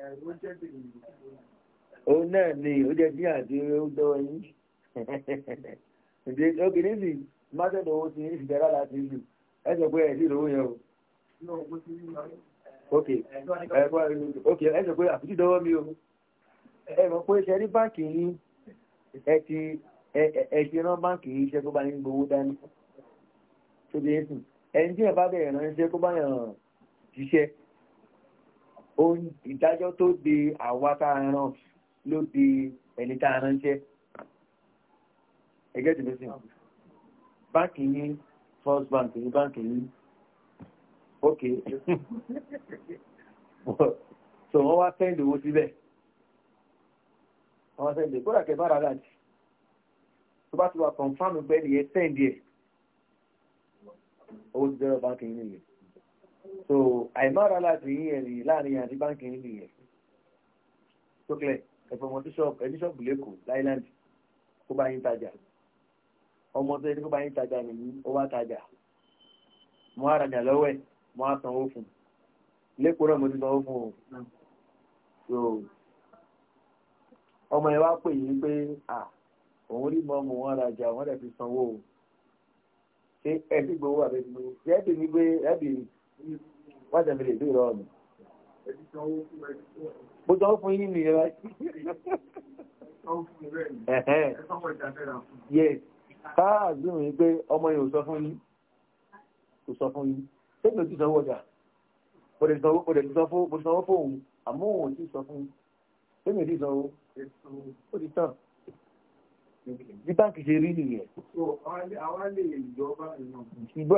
òun náà ni ó jẹ́ dín àti ó dọ́wọ́ yín ǹjẹ́ ókè níbi mátẹ́dọ̀ owó ti ní ìdára láti lù ẹ pé ẹ̀sìn ìlówó yẹn o. ok pé àpótí dọ́wọ́ mi o ẹ pé ṣe ní báǹkì yín ẹ ti ẹ báǹkì yín iṣẹ́ tó bá ń gbowó dání tó bí ẹ sùn ẹni tí ẹ bá bẹ̀rẹ̀ ránṣẹ́ tó bá yàn ṣiṣẹ́ ìdájọ́ tó de àwa tá a ràn ló de ẹni tá a ránṣẹ́ ẹgẹ́ tìlú sí báńkì yín first bank ní báńkì yín ok <laughs> so wọ́n wá sẹ́ndì owó síbẹ̀ wọ́n sẹ́ndì kódà kẹ bára láti tó bá ti wà confam pẹ́ nìyẹn sẹ́ndì ẹ̀ owó ti dẹ́rọ báńkì yín nìyẹn so àìmára láti yí ẹ̀rì láàrin àti báńkì níbi yẹn tókẹ́lẹ̀ ẹ̀fọ́ ọmọ bíṣọ́ọ̀bù ẹ̀ bíṣọ́ọ̀bù lẹ́kọ̀ọ́ láìláńdì kó bá yín tajà ọmọ tó yẹ kó bá yín tajà nìyí ó wá tajà mo á rajà lọ́wọ́ ẹ̀ mo á sanwó fún lẹ́kọ̀ọ́ náà mo ti sanwó fún o ọmọ ẹ wá pè yín pé à òun rí mọ́ mo wọ́n rajà wọ́n dẹ̀ fi sanwó o ṣé ẹ gbowó àbẹ̀tí gbowó ṣé ẹ bì mí pé wá jẹ́ mi lè dúró ọ̀nà bó tọ́ fún yín nìyẹn báyìí káà gbìmọ̀ yín pé ọmọ yìí ò sọ fún yín kò sọ fún yín ṣé mi ò ti sanwó ọjà mo lè sanwó fóun àmọ́ òun ò ti sọ fún yín ṣé mi ò ti sanwó ó ti tàn bí báńkì ṣe rí nìyẹn. ìgbọ́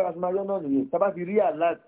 àti náà nìyẹn tá bá rí àláàtì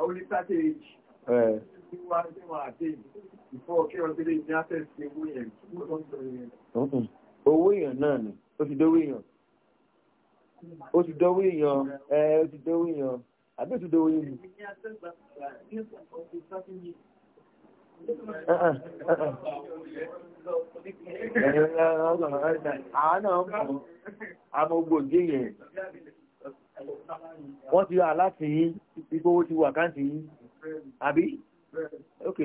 only 30 age. Yeah. Owó èèyàn náà ni, ó ti dówó èèyàn. Ó ti dówó èèyàn, ẹ eh, ó ti dówó èèyàn, àbí ó ti dówó èèyàn. Àwọn náà mọ̀, àmọ́ gbòógé yẹn wọ́n ti rà láti ipò owó ti wà káǹtì yìí àbí ok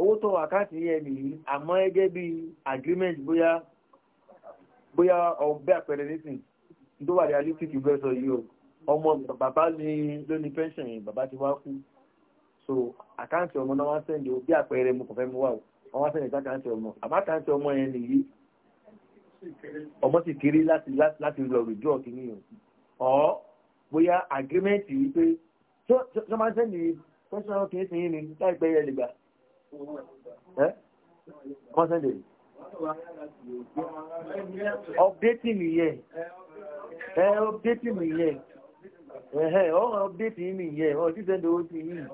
owó tó wà káǹtì yìí ẹni yìí àmọ́ ẹgẹ́ bí agreement bóyá bóyá ọ̀bẹ́ àpẹẹrẹ nísìn tó wà ní alistic investor yìí o ọmọ bàbá ní ló ní pension yìí bàbá ti wá kú so àkáǹtì ọmọ náà wá sẹ́ndì bí àpẹẹrẹ mo kàn fẹ́ mi wà o wọ́n wá sẹ́ndì sákáǹtì ọmọ àmọ́ àkáǹtì ọmọ yẹn nìyí ọmọ sì kéré láti láti lọ rìjọ́ kìíní o ọ̀ bóyá agreement yìí pé tó máa ń sẹ́ndì personal kìí sí ní láìpẹ́ yẹ lè gbà ẹ́ wọ́n sẹ́ndì updating nìyẹn ẹ́ updating nìyẹn ẹ̀hẹ́ ọ̀rọ̀ updating nìyẹn ọ̀ tí sẹ́ndì owó ti yìí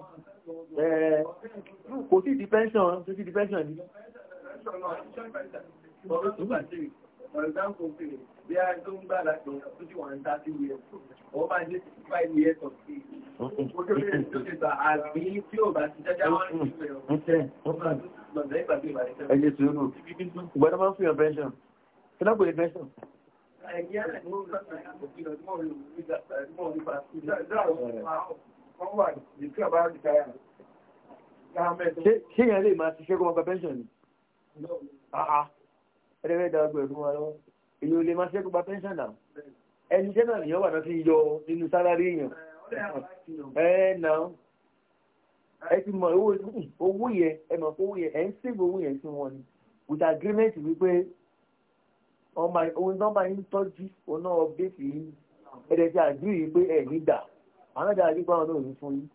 kò sí di pension sí di pension for example say bí a tó ń gbà láti tó ti wọ́n thirty years or máa dé sixty five years of age ó tó lè tó ti gbà àbí tí ò bá ti jájá wọn ní ìfẹ́ ọ̀hún ó máa tó lọ́dọ̀ ìgbàgbé ìbàdí. ẹ jẹ́ sùúrù gbọ́dọ̀ máa ń fi hàn pension kí ló ń pè é pension. Nàìjíríà ní ó ń sọ̀rọ̀ ìgbòkè lọ sí mọ́ ìlú ìgbà tí wọ́n ń pa sí ìdá àwọn ọmọ wà ní tí ọba ti káyà ṣé yẹn lè máa ṣiṣẹ́ kó wọn gba pension ni. Ah, ah ẹ̀rẹ́rẹ́ da ọgbẹ̀ fún wa lọ́wọ́ èyí ò lè máa ṣẹ́kù gba pẹ́ńṣọ̀n náà ẹni jẹ́ náà nìyọ́ wà náà ti yọ nínú sálárì èèyàn ẹ̀ náà ẹ ti mọ owó yẹn ẹ mọ̀ pé owó yẹn ẹ̀ ń sèbù owó yẹn sí wọn ni with agreement wípé ohun tó bá yín tọ́jú oná ọ̀bẹ́sì yín ẹ̀dẹ̀ ti àdúrà yìí pé ẹ̀ nígbà àwọn ọ̀dà àdúgbò àwọn náà ò ní fún yín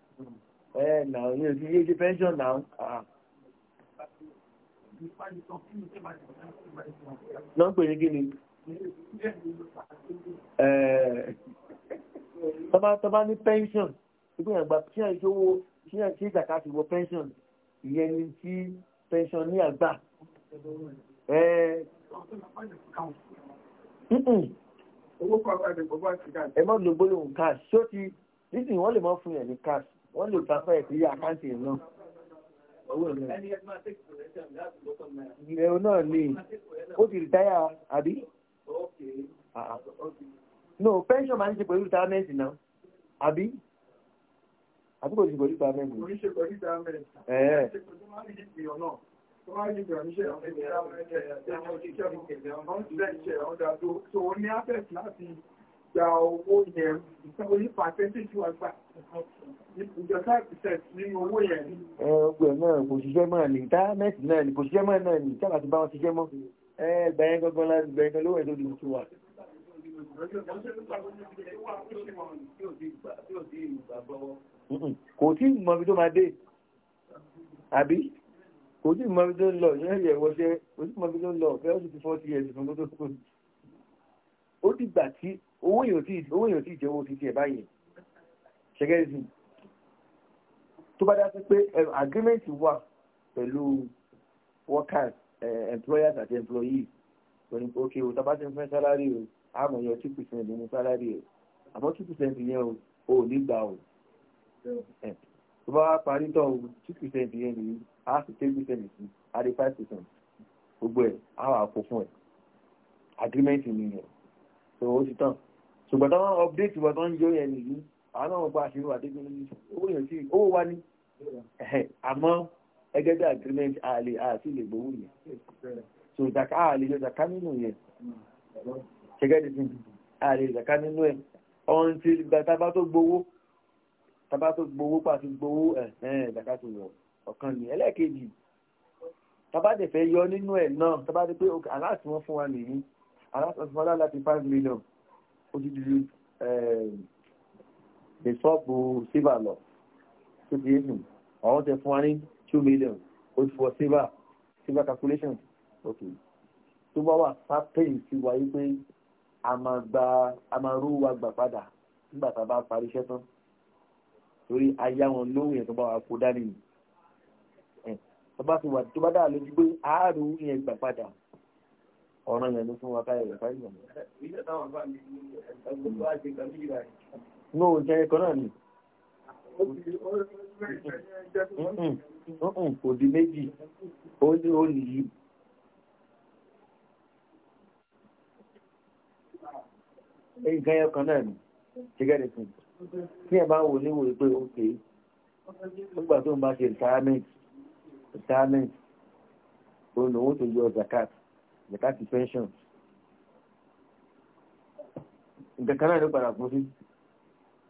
ẹ̀ náà yóò ti yé ṣe pẹ́ńṣọ̀n náà náà pè ní gíní tọ́bá ní pension ìpín àgbà tí a ìṣòwò tí a ṣe ìjàkà ti wọ pension ìyẹn ni tí pension ní àgbà ẹ mọ́ lò gbólóhùn cash ṣó ti nísìnyí wọ́n lè mọ́ fún yẹn ní cash wọ́n lè transfer ẹ̀ ìrẹ̀wọ̀n náà ni ó ti rìtáyà àbí? Ah, ah. no pension máa ń ṣe pẹ̀lú retirement náà àbí? àbí kò ṣe pẹ̀lú retirement ni? kò ṣe pẹ̀lú retirement. Eh. ẹ̀ẹ́ Tó wá ní ìgbà níṣẹ́ àwọn ẹgbẹ̀rẹ̀ àwọn ẹgbẹ̀rẹ̀ àwọn òṣìṣẹ́ àwọn ọ̀dọ́ tó ní àfẹ́ láti gba owó yẹn nǹkan orí pàtẹ́ntì wà gbà ìjọ nínú owó yẹn. ẹ náà kò ṣiṣẹ́ mọ́ ní táàmẹ́tì náà ni kò ṣiṣẹ́ mọ́ náà ni tábà ti bá wọn ṣiṣẹ́ mọ́ ẹ owó èèyàn tí ìjẹ́ owó ti jẹ báyìí ṣẹgẹ́sì tó bá dá sí pé agreement wà pẹ̀lú workers employers àti employees pẹ̀lú ok o tàbá ti ń fẹ́ sálárì o àmọ̀ yọ two percent nínú sálárì o àmọ́ two percent yẹn o ò o tó bá parí tán o percent yẹn nìyí a sì three percent sí a di five percent gbogbo ẹ̀ a wà fún ẹ̀ agreement nìyẹn so ó ti tán ṣùgbọ́n wọ́n update wọ́n tó ń jó yẹn nìyí àwọn náà wọ́n pa àṣírí wà dégbé lórí owó yẹn sí owó wa ní àmọ́ ẹgẹ́ bí agreement àlè àti lè gbowó yẹn so ìdàkà àlè yọ ìdàkà nínú yẹn ṣẹgẹ́ ti sìn àlè ìdàkà nínú ẹ̀ ọ̀hún ti gba tábà tó gbowó tábà tó gbowó pàtó gbowó ẹ̀hẹ́n ìdàkà tó wọ̀ ọ̀kan ní ẹlẹ́ẹ̀kejì tábà tẹ̀fẹ́ yọ nínú ẹ̀ náà tábà tẹ pé aláàtí wọn fún wa nìyí aláṣọ́sọ́lá láti 5 million ó ti dúdú ìṣọ́pù síbà lọ tó ti yéṣù àwọn tẹ fún wa ní 2 million ó ti fọ síbà síbà calculation ok tó bá wà sápẹ́yì sí wa yí pé a máa rú wa gbà padà nígbà tá a bá parí iṣẹ́ tán torí ayá wọn lóhùn yẹn tó bá wà kó dání tó tó bá dà lójú pé àárò yẹn gbà padà ọ̀ràn yẹn ló fún wa káyọ̀ rẹ̀ fáyọ̀. Nóò jẹ́ ni. Kò oh, di méjì, ó ní ó nìyí. Nǹkan ẹ̀kọ́ náà ni, ṣígẹ́rì fún. Tí ẹ bá wò níwò pé ó ké, ó gbà tó ń bá ṣe retirement, retirement, òun lòun tó yọ zakat zaka ti pension nǹkan kan náà ló padà fún sí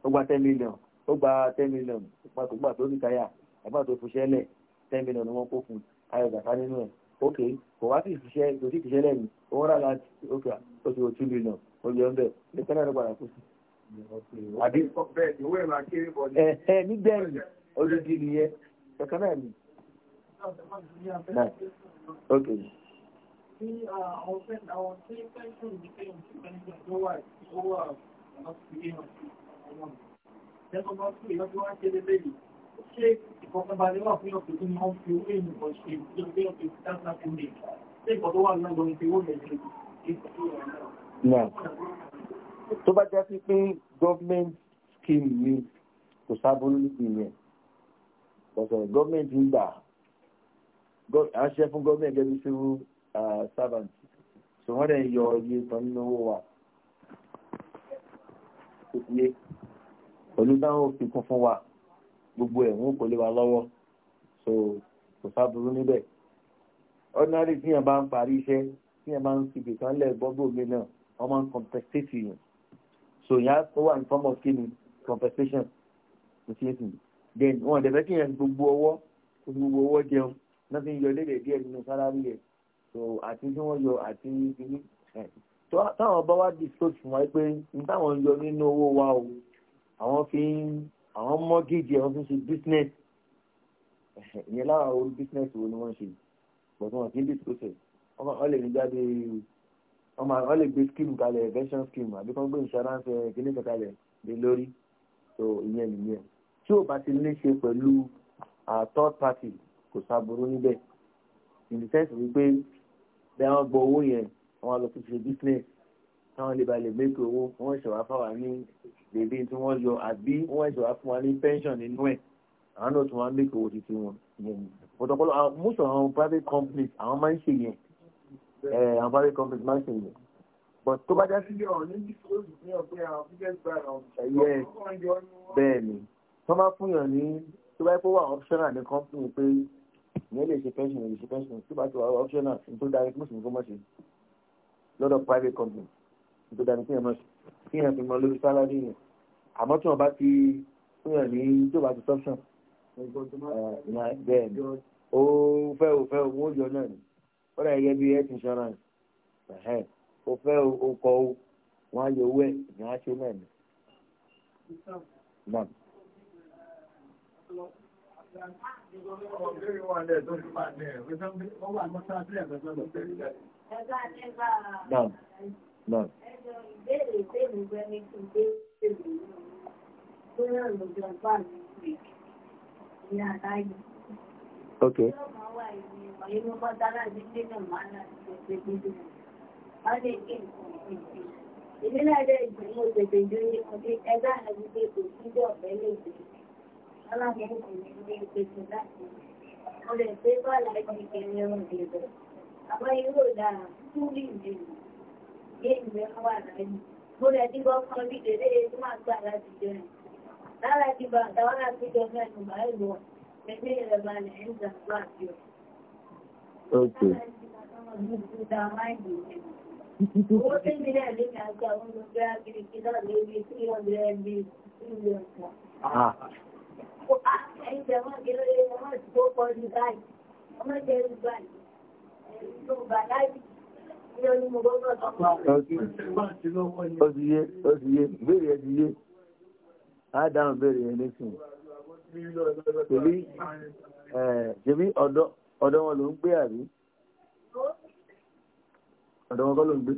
ó gba ten million ó gba ten million pàtó gbà tó ní káyà àgbà tó fi ṣẹlẹ̀ ten million ni wọ́n kó fún ayọ̀ zaka nínú ẹ̀ ok kò wá sí ìfiṣẹ́ kò sí ìfiṣẹ́ lẹ́yìn owó rà láti ok ó ti wọ two million ó lè ọ̀bẹ nǹkan náà ló padà fún sí. àbí ẹ ẹ nígbẹ̀yìn odidi nìyẹn kankan náà ni. ok tí àwọn fẹ́ àwọn tí pẹ́ńsùn ní pẹ́ńsùn tí pẹ́ńsùn tó wà tó wà lọ́sùn ọmọ mi. Lẹ́nu bá fún ìyọ́ tó wá ṣe lélẹ̀ yìí, ṣé ìfọ̀kànbalẹ̀ wà fún ọ̀pẹ̀ tó máa ń fi owó èèyàn kan ṣe tí ó gbé ọ̀pẹ̀ tí táṣà fún mi. Ṣé ìfọ̀ tó wà lọ́dọ̀ ní ti owó rẹ̀ ṣe tó bá jẹ́ sí pé government scheme ni kò sábúrú ìyẹn ọ̀sẹ̀ government ń gbà à ń ṣe fún government gẹ́gẹ́ bí sírú servant so wọ́n dẹ̀ yọ iye kan nínú owó wa iye pẹ̀lú táwọn fi kún fún wa gbogbo ẹ̀ wọ́n kò lè wa lọ́wọ́ so kò sábúrú níbẹ̀ ordinary tí yẹn bá ń parí iṣẹ́ tí yẹn bá ń fi ibìkan lẹ̀ bọ́gbò mi náà wọ́n máa ń compensate yẹn so yẹn ó wà ní form of kí ni compensation association then wọn dẹ̀ fẹ́ kí gbogbo ọwọ́ gbogbo ọwọ́ jẹun náà yọ lédè díẹ̀ nínú sálárì yẹn so àti tí wọ́n yọ àti ibi táwọn bá wá disclose fún wa pé n táwọn yọ nínú owó wa o àwọn fi ń àwọn mọ́gìjì àwọn fi ń ṣe business ìyẹn lára orí business wo ni wọ́n ṣe but wọn kì í disclose wọ́n lè ní jáde wọ́n lè gbé scheme kalẹ̀ pension scheme àbí kan gbé insurance kìnìkan kalẹ̀ lé lórí so ìyẹn nìyẹn tí ò bá ti ní ṣe pẹ̀lú third party kò sáburú níbẹ̀ in the sense wípé bẹ́ẹ̀ wọ́n gbọ́ owó yẹn wọ́n lọ fi ṣe business táwọn lè balẹ̀ mẹ́kì owó wọ́n ṣẹ̀wá fáwa ní bèbè tí wọ́n yọ àbí wọ́n ṣẹ̀wá fún wa ní pension nínú ẹ̀ àwọn náà tún wá mẹ́kì owó títí wọn yẹn pọtọpọlọ most of àwọn private companies àwọn máa ń ṣe yẹn eh, àwọn private companies máa ń ṣe yẹn but tó bá já sí. Eh, bẹ́ẹ̀ ni tó bá fún yàn ní tó bá yẹ kó wà optional ní company pé ìyẹn lè ṣe pension lè ṣe pension tó bá ti wà optional ní tó darí mùsùlùmí kó mọ̀ ṣe lọ́dọ̀ private company ní tó darí kí ẹ̀ mọ̀ ṣe kí ẹ̀ fi mọ lórí sálárì yẹn àmọ́ tí wọ́n bá ti fún yàn ní tó bá ti sọ́sàn bẹ́ẹ̀ ni ó fẹ́ ò fẹ́ owó yọ náà ni ó rà yẹ bí health insurance ó fẹ́ o kọ o wọ́n á yọ owó ẹ̀ ìyẹn á náà ni. Thank you. Náà, náà. அவருடைய பேப்பால் அழைப்பது கேள்வியாக முடியுது அப்ப இவரோட ஸ்கூலிங் ஏன் விவகாரம் ஒரு அதிபா கம்பிட்டு எதுவும் அக்காராசிக்கிறேன் lára ti bá àtàwárà sí ìjọba ìgbà ìlú ẹgbẹ́ ìrẹ̀bà ilẹ̀ ẹ̀ńdà láti ọ̀. Ok. Owó tí mi náà lé ní àgbà ọmọ ọgbẹ́ agbèrè kí náà lórí tí ìrọ̀lẹ́ ẹgbẹ́ ìlú ọ̀sán ẹ̀yin tẹ̀ wọ́n kí lóye ọmọ ìdìbò pọ̀ ní báyìí ọmọ ìjẹ́ ní báyìí ẹ̀yin tó bà láyìí. Ọdíyé, ọdíyé, béèrè ẹdíyé, á dáhùn béèrè yẹn nísìn. Tèmi, tèmi ọ̀dọ́ wọn ló ń gbé àrí. Ọ̀dọ́ wọn kọ́ ló ń gbé.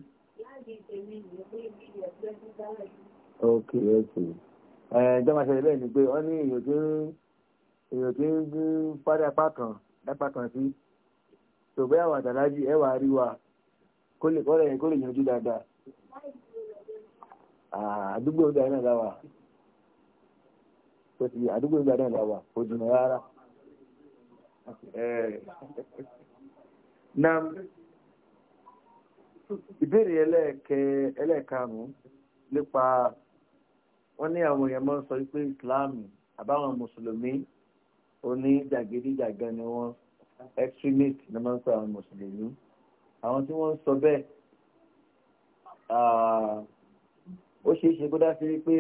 Ok, ok ìjọba ṣẹlẹ̀ bẹ́ẹ̀ ni pé wọ́n ní èèyàn tí ń èèyàn tí ń gún fádápá kan dápá kan sí ṣùgbọ́n àwọn àtàlájì ẹwà àríwá kó lè kọ́rọ̀ yẹn kó lè yanjú dáadáa àdúgbò ìgbà náà láwà tó ti àdúgbò ìgbà náà láwà kò jùlọ rárá. na ìbéèrè ẹlẹ́ẹ̀kẹ́ ẹlẹ́ẹ̀karùn-ún nípa wọ́n ní àwọn èèyàn máa ń sọ wípé ìsìláàmù àbáwọn mùsùlùmí oní jàgídíjàgan ni wọ́n extremist ni wọ́n ń sọ àwọn mùsùlùmí àwọn tí wọ́n ń sọ bẹ́ẹ̀ ó ṣeé ṣe kó dá sí wípé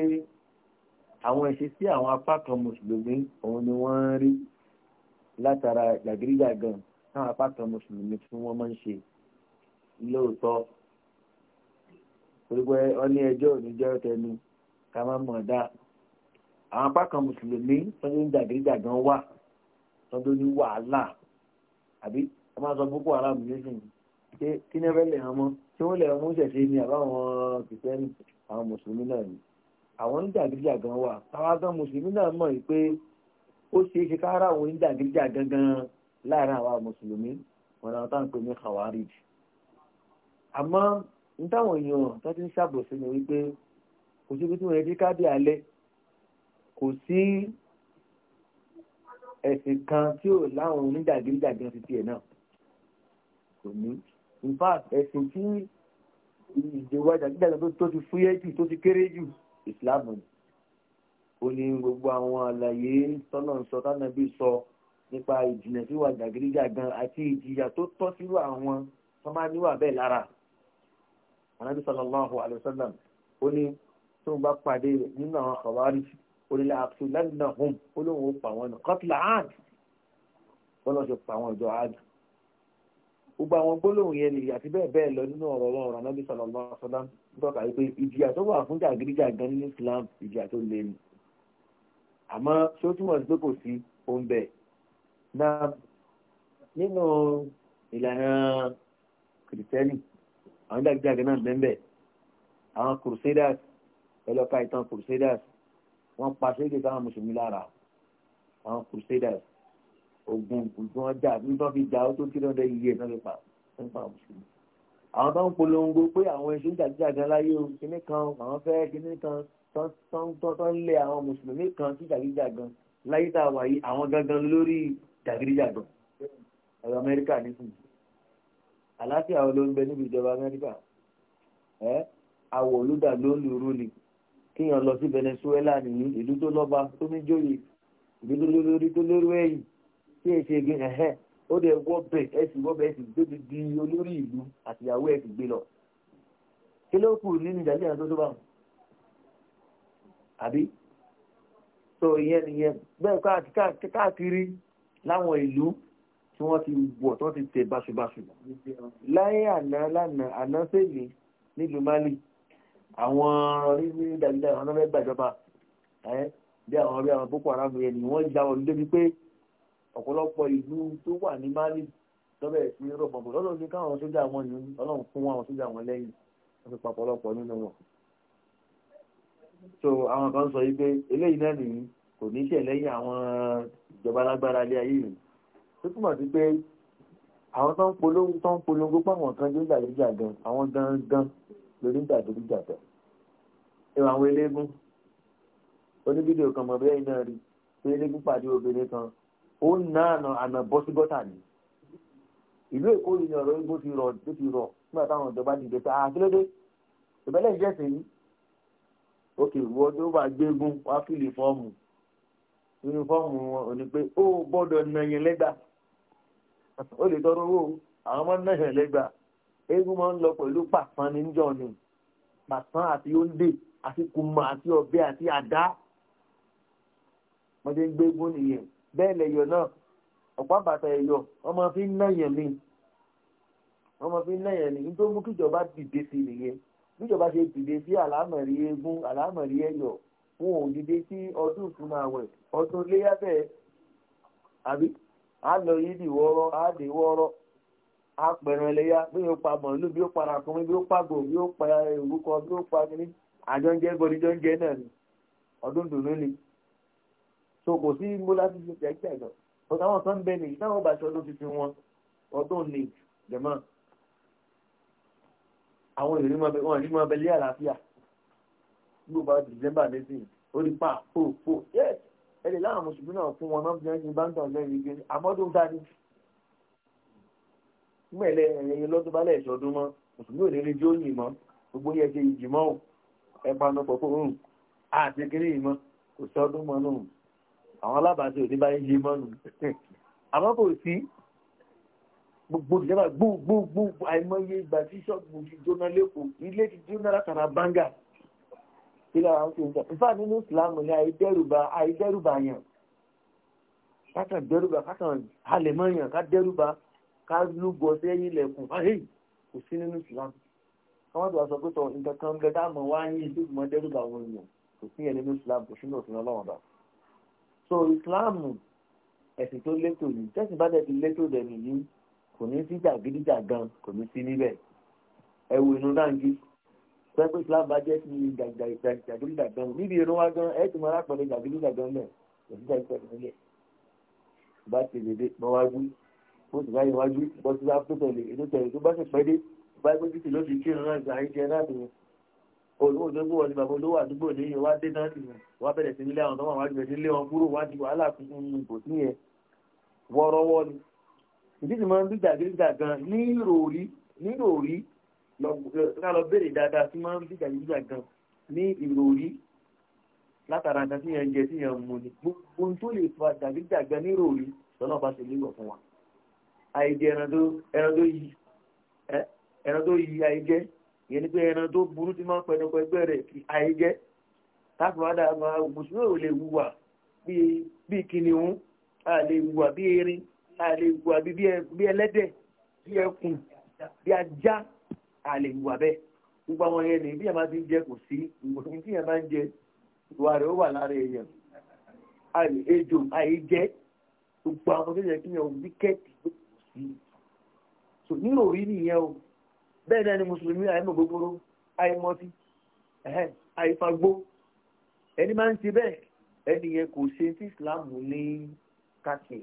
àwọn ìṣesí àwọn apá kan mùsùlùmí òun ni wọ́n ń rí látara jàgídíjàgan táwọn apá kan mùsùlùmí tí wọ́n máa ń ṣe lóòótọ́ torí pé wọ́n ní ẹjọ́ òní jẹ́ tẹnu ká má mọ̀ dá àwọn apá kan mùsùlùmí tọ́jú ń jàgídíjàgan wà tọ́jú ní wàhálà àbí wọ́n máa sọ boko haram nísìnyí pé kí ní ẹgbẹ́ lè hàn mọ́ tí wọ́n lè mú ṣẹ̀ṣẹ̀ ní àbáwọn kìtẹ́nì àwọn mùsùlùmí náà ni àwọn oníjàgídíjàgan wà táwọn agan mùsùlùmí náà mọ̀ yìí pé ó ṣeé ṣe ká ara àwọn oníjàgídíjàgan gan láàárín àwọn mùsùlùmí wọn làwọn táwọn pè ní khawarij àmọ́ ní èèyàn tó ti ń ṣàbòsí ni wípé kò sí ibi tí wọ́n yẹ kí káàdì alẹ́ kò sí ẹ̀sìn kan tí ò láwọn onídàgídàgídà ti tiẹ̀ náà kò ní in fact ẹ̀sìn tí ìjọba ìdàgídàgídà tó ti fúyẹ́ jù tó ti kéré jù ìsìláàmù ni ó ní gbogbo àwọn àlàyé tọ́nà sọ tánàbí sọ nípa ìjìnà síwà jàgídíjàgan àti ìjìyà tó tọ́ sírú àwọn tó máa níwà bẹ́ẹ̀ lára. Ànábì sallallahu alaihi wasallam ó ní tó ń bá pàdé rẹ̀ nínú àwọn àkàwárí orílẹ̀ àtúnlẹ́nà home olóhùn ó pa wọn nù kọ́tìlà áàd bọ́lá ṣe pa àwọn ìjọ áàd gbogbo àwọn gbólóhùn yẹn nìyí àti bẹ́ẹ̀ bẹ́ẹ̀ lọ nínú ọ̀rọ̀ ọlọ́run anábì sọlọ́lá sọlá ń tọ́ka wípé ìjìyà tó wà fún jàgídíjàgan nínú Islam ìjìyà tó le ni àmọ́ ṣé ó túmọ̀ sí pé kò sí ohun bẹ́ẹ̀ náà nínú ìlànà kìrìtẹ́nì àwọn jàgídíjàgan náà bẹ́ẹ̀ bẹ́ẹ̀ àwọn crusaders ẹlọ́ka ìtàn crusaders wọ́n pa sédè táwọn mùsùlùmí lára àwọn crusaders ogun ogun ọjà nítorí fi jà ó tó kí lọ́dọ̀ iye náà lè pa ń pa mùsùlùmí. àwọn tó ń polongo pé àwọn èso jàgídàgan láyé o kíní kan àwọn fẹ́ kíní kan tọ́ ń lé àwọn mùsùlùmí kan sí jàgídàgan láyé tá a wà yìí àwọn gangan lórí jàgídàgan ọ̀rọ̀ amẹ́ríkà nísìnyí àlàáfíà ló ń bẹ níbi ìjọba amẹ́ríkà ẹ́ àwọ̀ olùdà ló ń lù rú ni kíyàn lọ sí Venezuela nìyí ìlú tó lọ́ba tó ní jóyè ìlú tó lórí tó lórí ẹ̀yìn tí èsì ege ẹ̀hẹ́ ó dẹ̀ wọ́bẹ̀ ẹ̀sìn wọ́bẹ̀ ẹ̀sìn tó ti di olórí ìlú àtìyàwó ẹ̀sìn gbé lọ kí ló kù nínú ìdájọ́ ìyàtọ̀ tó bá wọn àbí so ìyẹn nìyẹn bẹ́ẹ̀ káàkiri láwọn ìlú tí wọ́n ti wọ̀ tí wọ́n ti tẹ̀ báṣubàṣu láyé àná lánàá àná sẹ́yìn nílùú Mali àwọn onígbé dàgbà àwọn ọmọ ẹgbẹ́ ìjọba ẹ bí àwọn ọbẹ àwọn boko haram yẹn ni wọ́n já wọn débi pé ọ̀pọ̀lọpọ̀ ìlú tó wà ní mali lọ́bẹ̀ sí rọ̀bọ̀bọ̀ lọ́dọ̀ ní káwọn sójà wọn ni ọlọ́run fún àwọn sójà wọn lẹ́yìn wọ́n fi papọ̀ ọlọ́pọ̀ nínú wọn. so àwọn kan sọ wípé eléyìí náà nìyí kò ní ṣe lẹ́yìn àwọn ìjọba alágbára ilé ayé yìí tó túmọ̀ sí pé àwọn tó ń polongo tó ń polongo pàwọn kan ló ń gbàdúgbà gan àwọn gangan ló ń gbàdúgbà gan ẹwà àwọn eléégún oníbídíò kan mọ̀ bẹ́ẹ̀ náà rí pé eléégún pàdé obìnrin kan ó náà àná bọ́ sí gọ́tà ni ìlú èkó yìí ni ọ̀rọ̀ igbó ti rọ̀ tó ti rọ̀ nígbà táwọn ìjọba dìde pé àkílódé ìbẹ́lẹ̀ ìjẹ́sìn yìí òkè ìwọ tó bá gbégún wá fìlì fọ́ọ̀mù yunifọ́ọ̀mù wọn ò ní pé ó gbọ́dọ̀ nàyẹn lẹ́gbà ó lè tọrọ owó àwọn ọmọ nàyẹn lẹ́gbà eégún máa ń lọ pẹ̀lú pàṣán ní jọ ni pàṣán àti ó ń dè àti kùmọ̀ àti ọ̀bẹ àti àdá wọ́n ti ń gbégún nìyẹn bẹ́ẹ̀ lẹ̀yọ̀ náà ọ̀pá bàtà ẹ̀yọ̀ ọmọ fi ń náyàn mi ọmọ fi ń náyàn mi nítorí mú kíjọba dìde sí nìyẹn bíjọba ṣe dìde sí àlámọ̀rí eégún àlámọ̀rí ẹ̀yọ̀ wọn ò dìde sí ọdún ìtúnú àwẹ̀ ọdún iléyà bẹ́ẹ̀ àbí a lọ yídì wọ́ọ́rọ́ a dè wọ́ọ́rọ́ a pẹ̀ràn ẹlẹ́yà bí ó pa mọ̀lú bí ó pa ràkúnmí bí ó pa gò bí ó pa èrúkọ bí ó pa kiri àjọǹjẹ́ bọ́díjọ́ǹjẹ́ náà ni ọdún dùnú ni so kò sí múlá sí ṣe jẹ́jẹ́ ìgbà ọ̀tá wọn sọ ń bẹ nìyí táwọn bá ṣe ọdún tuntun wọn ọdún ni jẹ̀mọ́ àwọn ìrírí máa bẹ wọn ìrírí máa bẹ lé àlàáfíà ló bá dìsẹ́mbà lẹ́sìn ó ní pa pò pò yẹ ẹ lè láwọn mùsùlùmí náà fún wọn náà fi ẹ̀sìn bá ń tàn lẹ́yìn igi àmọ́dún dání mẹ́lẹ̀ ẹ̀yẹ lọ́dún bá lẹ̀ ṣọdún mọ́ mùsùlùmí ò ní rí jóyìn mọ́ gbogbo yẹ ṣe ìjì mọ́ ẹpanupọ̀ fún òun àti kiri ìmọ̀ kò sọdún mọ́ nù àwọn alábàáṣe òní bá yé mọ́ nù <laughs> àmọ́ kò sí gbogbo ìjọba gbogbogbò àìmọye ìgbà tí ṣọ́ọ̀bù ti jóná lẹ́kọ̀ọ́ ilé ti jóná látara báńgà kí lára ń fi ń sọ ìfà nínú ìsìlámù ní àìdẹ́rùbà àìdẹ́rùbà yàn kákan dẹ́rùbà kákan halẹ̀ mọ́ yàn ká dẹ́rùbà ká lúgọ sẹ́yìn ilẹ̀kùn kò sí nínú ìsìlámù káwọn tó wá sọ pé tọ nǹkan kan bẹ dáàmú wá yín ìlú ìgbìmọ̀ dẹ́rùbà àwọn èèyàn kò sí ẹni ní islam kò sínú òfin ọlọ́run bá so islam ẹ̀sìn tó létò ní tẹ́sìn bá dẹ̀ ti létò dẹ̀ nìyí kò ní sí jàgídíjà gan kò ní sí níbẹ̀ ẹ wo inú náà jí pẹ́pẹ́ islam bá jẹ́ sí jàgídíjà gan níbi irun wa gan ẹ ti mọ alápẹ̀lẹ̀ jàgídíjà gan lẹ̀ kò sí jàgídíjà gan lẹ̀ bá ti lè dé mọ́ wájú bó ti bá yẹ wájú bó ti bá tó báyìí pé títì ló fi kí ìran ìgbà ìjẹ náà nìyẹn olówó tó gbówọ́ ní bàbá olówó àdúgbò ní ìyẹn wá dé náà nìyẹn wá bẹ̀rẹ̀ sí nílé àwọn tó wà jùlọ nílé wọn kúrò wá di wàhálà fún un ìbò sí yẹn wọ́rọ́wọ́ ni ìdí sì máa ń bí gbàgídà gan ní ìròrí ní ìròrí lọ béèrè dáadáa sí máa ń bí gbàgídà gan ní ìròrí látara nǹkan tí yẹn jẹ tí yẹn mú ni gbogbo tó lè fa gbàgídà gan ní ìròrí lọ́nà bá ṣe lé ẹran tó yí àìjẹ́ ìyẹn ni pé ẹran tó burú ti máa ń pẹnu pẹ ẹgbẹ́ rẹ̀ kí àìjẹ́ táàpù wá mùsùlùmí ò lè wùwà a lè wùwà bíi erin a lè wùwà bíi ẹlẹ́dẹ̀ bíi ẹkùn bi ajá a lè wùwà bẹ́ẹ̀ gbogbo àwọn yẹn ni bí ẹ máa ti ń jẹ kò sí ìwòsàn tí ẹ máa ń jẹ ìwà ó wà lára o. bẹ́ẹ̀ náà ni mùsùlùmí àìmọ̀ gbogbooro àìmọtí àìfagbó ẹni máa ń ṣe bẹ́ẹ̀ ẹni yẹn kò ṣe tí islam ní kàṣe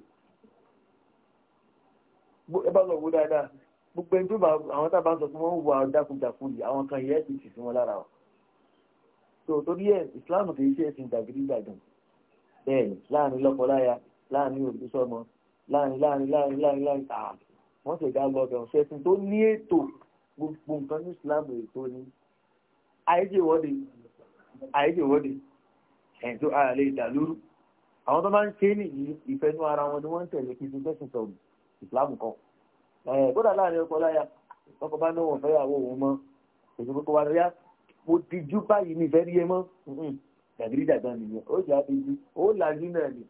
ẹ bá lọ wo dáadáa gbogbo ẹni tó bá àwọn tá a bá ń sọ pé wọ́n ń wà dákújàkú yìí àwọn kan yẹn ti tì wọn lára o tó torí islam kì í ṣe ẹ̀sìn ìdàgídígbàdàn bẹ́ẹ̀ ni láàrin lọ́kọláya láàrin òbí sọmọ láàrin láàrin láàrin láàrin láàrin àà wọ́n ṣẹ̀dá lọ́dọ̀ ṣẹ̀sìn tó ní ètò gbogbo nǹkan ní islam ètò ni àìjẹ́ ìwọ́de àìjẹ́ ìwọ́de ẹ̀yìn tó ara lè dà lóru àwọn tó máa ń ṣe nìyí ìfẹ́nú ara wọn ni wọ́n ń tẹ̀lé kí tuntun fẹ́sùn sọ̀rọ̀ islam kan ẹ̀ kódà láàrin ọkọ láya ọkọ bá náà wọ̀n fẹ́ yàwó òun mọ́ èso pé kó wá rí mo ti jú báyìí ní ìfẹ́ rí ẹ mọ́ dàgírí dàgbà nìyẹn ó jà bí ju ó làjú náà ni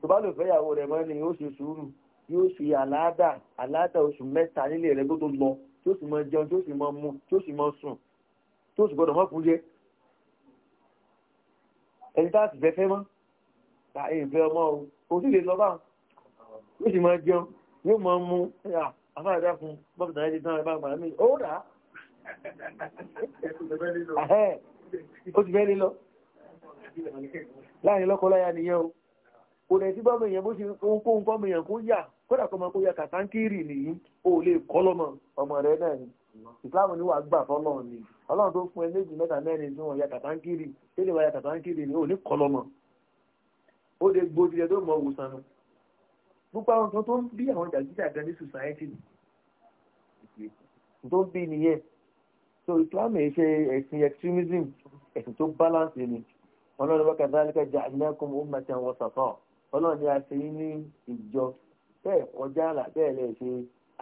tó bá lò fẹ́ yàwó rẹ̀ mọ́ ni ó ṣe sùúrù yóò ṣe àládà àládà oṣù mẹ́ta nílé rẹ̀ tó tó lọ tó sì mọ jẹun tó sì mọ mu tó sì mọ sùn tó sì gbọdọ̀ mọ́kùn jẹ ẹni tá a sì fẹ́ fẹ́ mọ́ ta ìfẹ́ ọmọ o kò sì lè lọ bá yóò sì mọ jẹun yóò mọ mu afárádá fún bọ́ọ̀bù tàyẹ́ ti tán ẹ bá gbà mí ó rà á ó ti fẹ́ lé lọ láàrin lọ́kọ́ láyà nìyẹn o o lè kọ́ lọ́mọ ọmọ rẹ náà ni ìsìláàmù ni wàá gbà fọlọ́run ni ọlọ́run tó fún ẹ méjì mẹ́ta mẹ́rin tí wọ́n ya kàtàǹkìrì tẹ́lẹ̀ wá ya kàtàǹkìrì ni ò ní kọ́ lọ́mọ ó lè gbójú ẹ tó mọ òwòsàn nù gbogbo àwọn kan tó ń bí àwọn jàgídà gan ní society tó ń bí nìyẹn so islam ẹ ṣe ẹ̀sìn extremism ẹ̀sìn tó balance ni ọlọ́run wa kadhalika ja'alnakum ummatan wasata ọlọ́run ni a ṣe ní ìjọ bẹ́ẹ̀ kọjá là bẹ́ẹ̀ lẹ́ẹ̀ ṣe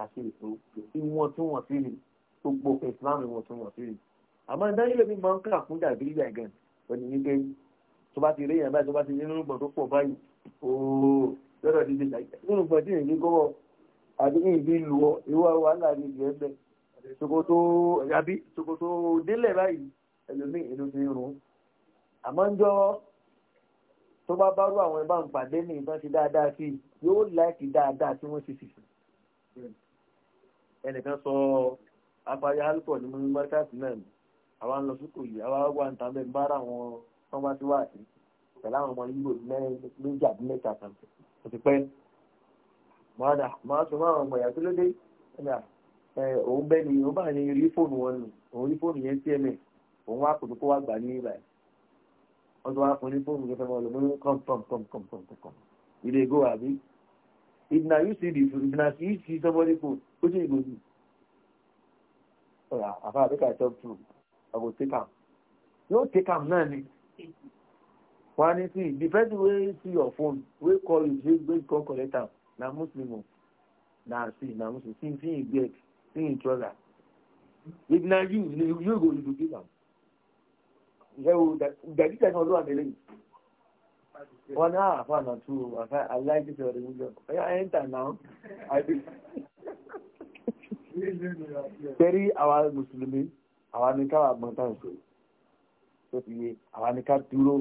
àti ètò ìwọ̀ntúnwọ̀nsí rè gbogbo islam ìwọ̀ntúnwọ̀nsí rè àmọ́ ìdánilẹ̀ mi máa ń kà fún dàbí ìgbà gan òní wípé tó bá ti rí èèyàn báyìí tó bá ti ní irúgbọ̀n tó pọ̀ báyìí ooo lọ́dọ̀ dídé ṣàyẹ̀ irúgbọ̀n tí èyí gọ́wọ́ àti ní ìbí lu ọ ìwọ wàhálà ní ìlú ẹgbẹ́ ṣòkòtò àbí ṣòkòtò délẹ̀ báyìí ẹlòmíì ìlú ti rún àmọ́ ń jọ tó bá bá rú àwọn ẹbá ń pàdé ní ìbọn ti dáadáa sí yóò láìkí dáadáa tí wọ́n ti sì sí ẹnìkan sọ apáyá alùpọ̀ ní mọ́ríkàtì náà ni àwa ń lọ sókò yìí àwa wà ń tàn bẹ́ẹ̀ ń bára àwọn tán bá ti wà sí pẹ̀lú àwọn ọmọ yíbò méjì àbí mẹ́ta kan kò ti pẹ́ máa sọ fún àwọn ọmọ ìyá tó ló dé òun bẹ́ẹ̀ ni òun bá ní rí fóònù wọn nù òun rí fóònù yẹn tms òun wá kò tó kó wá gbà ní ibà wọ́n ti wá fún ní fóònù yẹn fẹ́ mọ́ ọ lọ kọ́m kọ́m kọ́m kọ́m kọ́m ilé ìgò àbí If now you see this, if now you see somebody go, what are you going to do? All right, if I make I talk to, I go take am. You take am now. One thing, the person wey see your phone, wey call you, wey wey call collect am, na Muslim o. Na see, na Muslim. See, see him beg, see him trouser. If na you, you go, you go give am. Ẹ wo, dàdí tẹ̀sán olúwa mi lẹ́yìn. One hour, one na two. I like this very much. I enter now. I do. Tẹ́rí àwa Mùsùlùmí, àwa ni ká àgbọ̀ntà ṣe. Tó fi yé, àwa ni ká dúró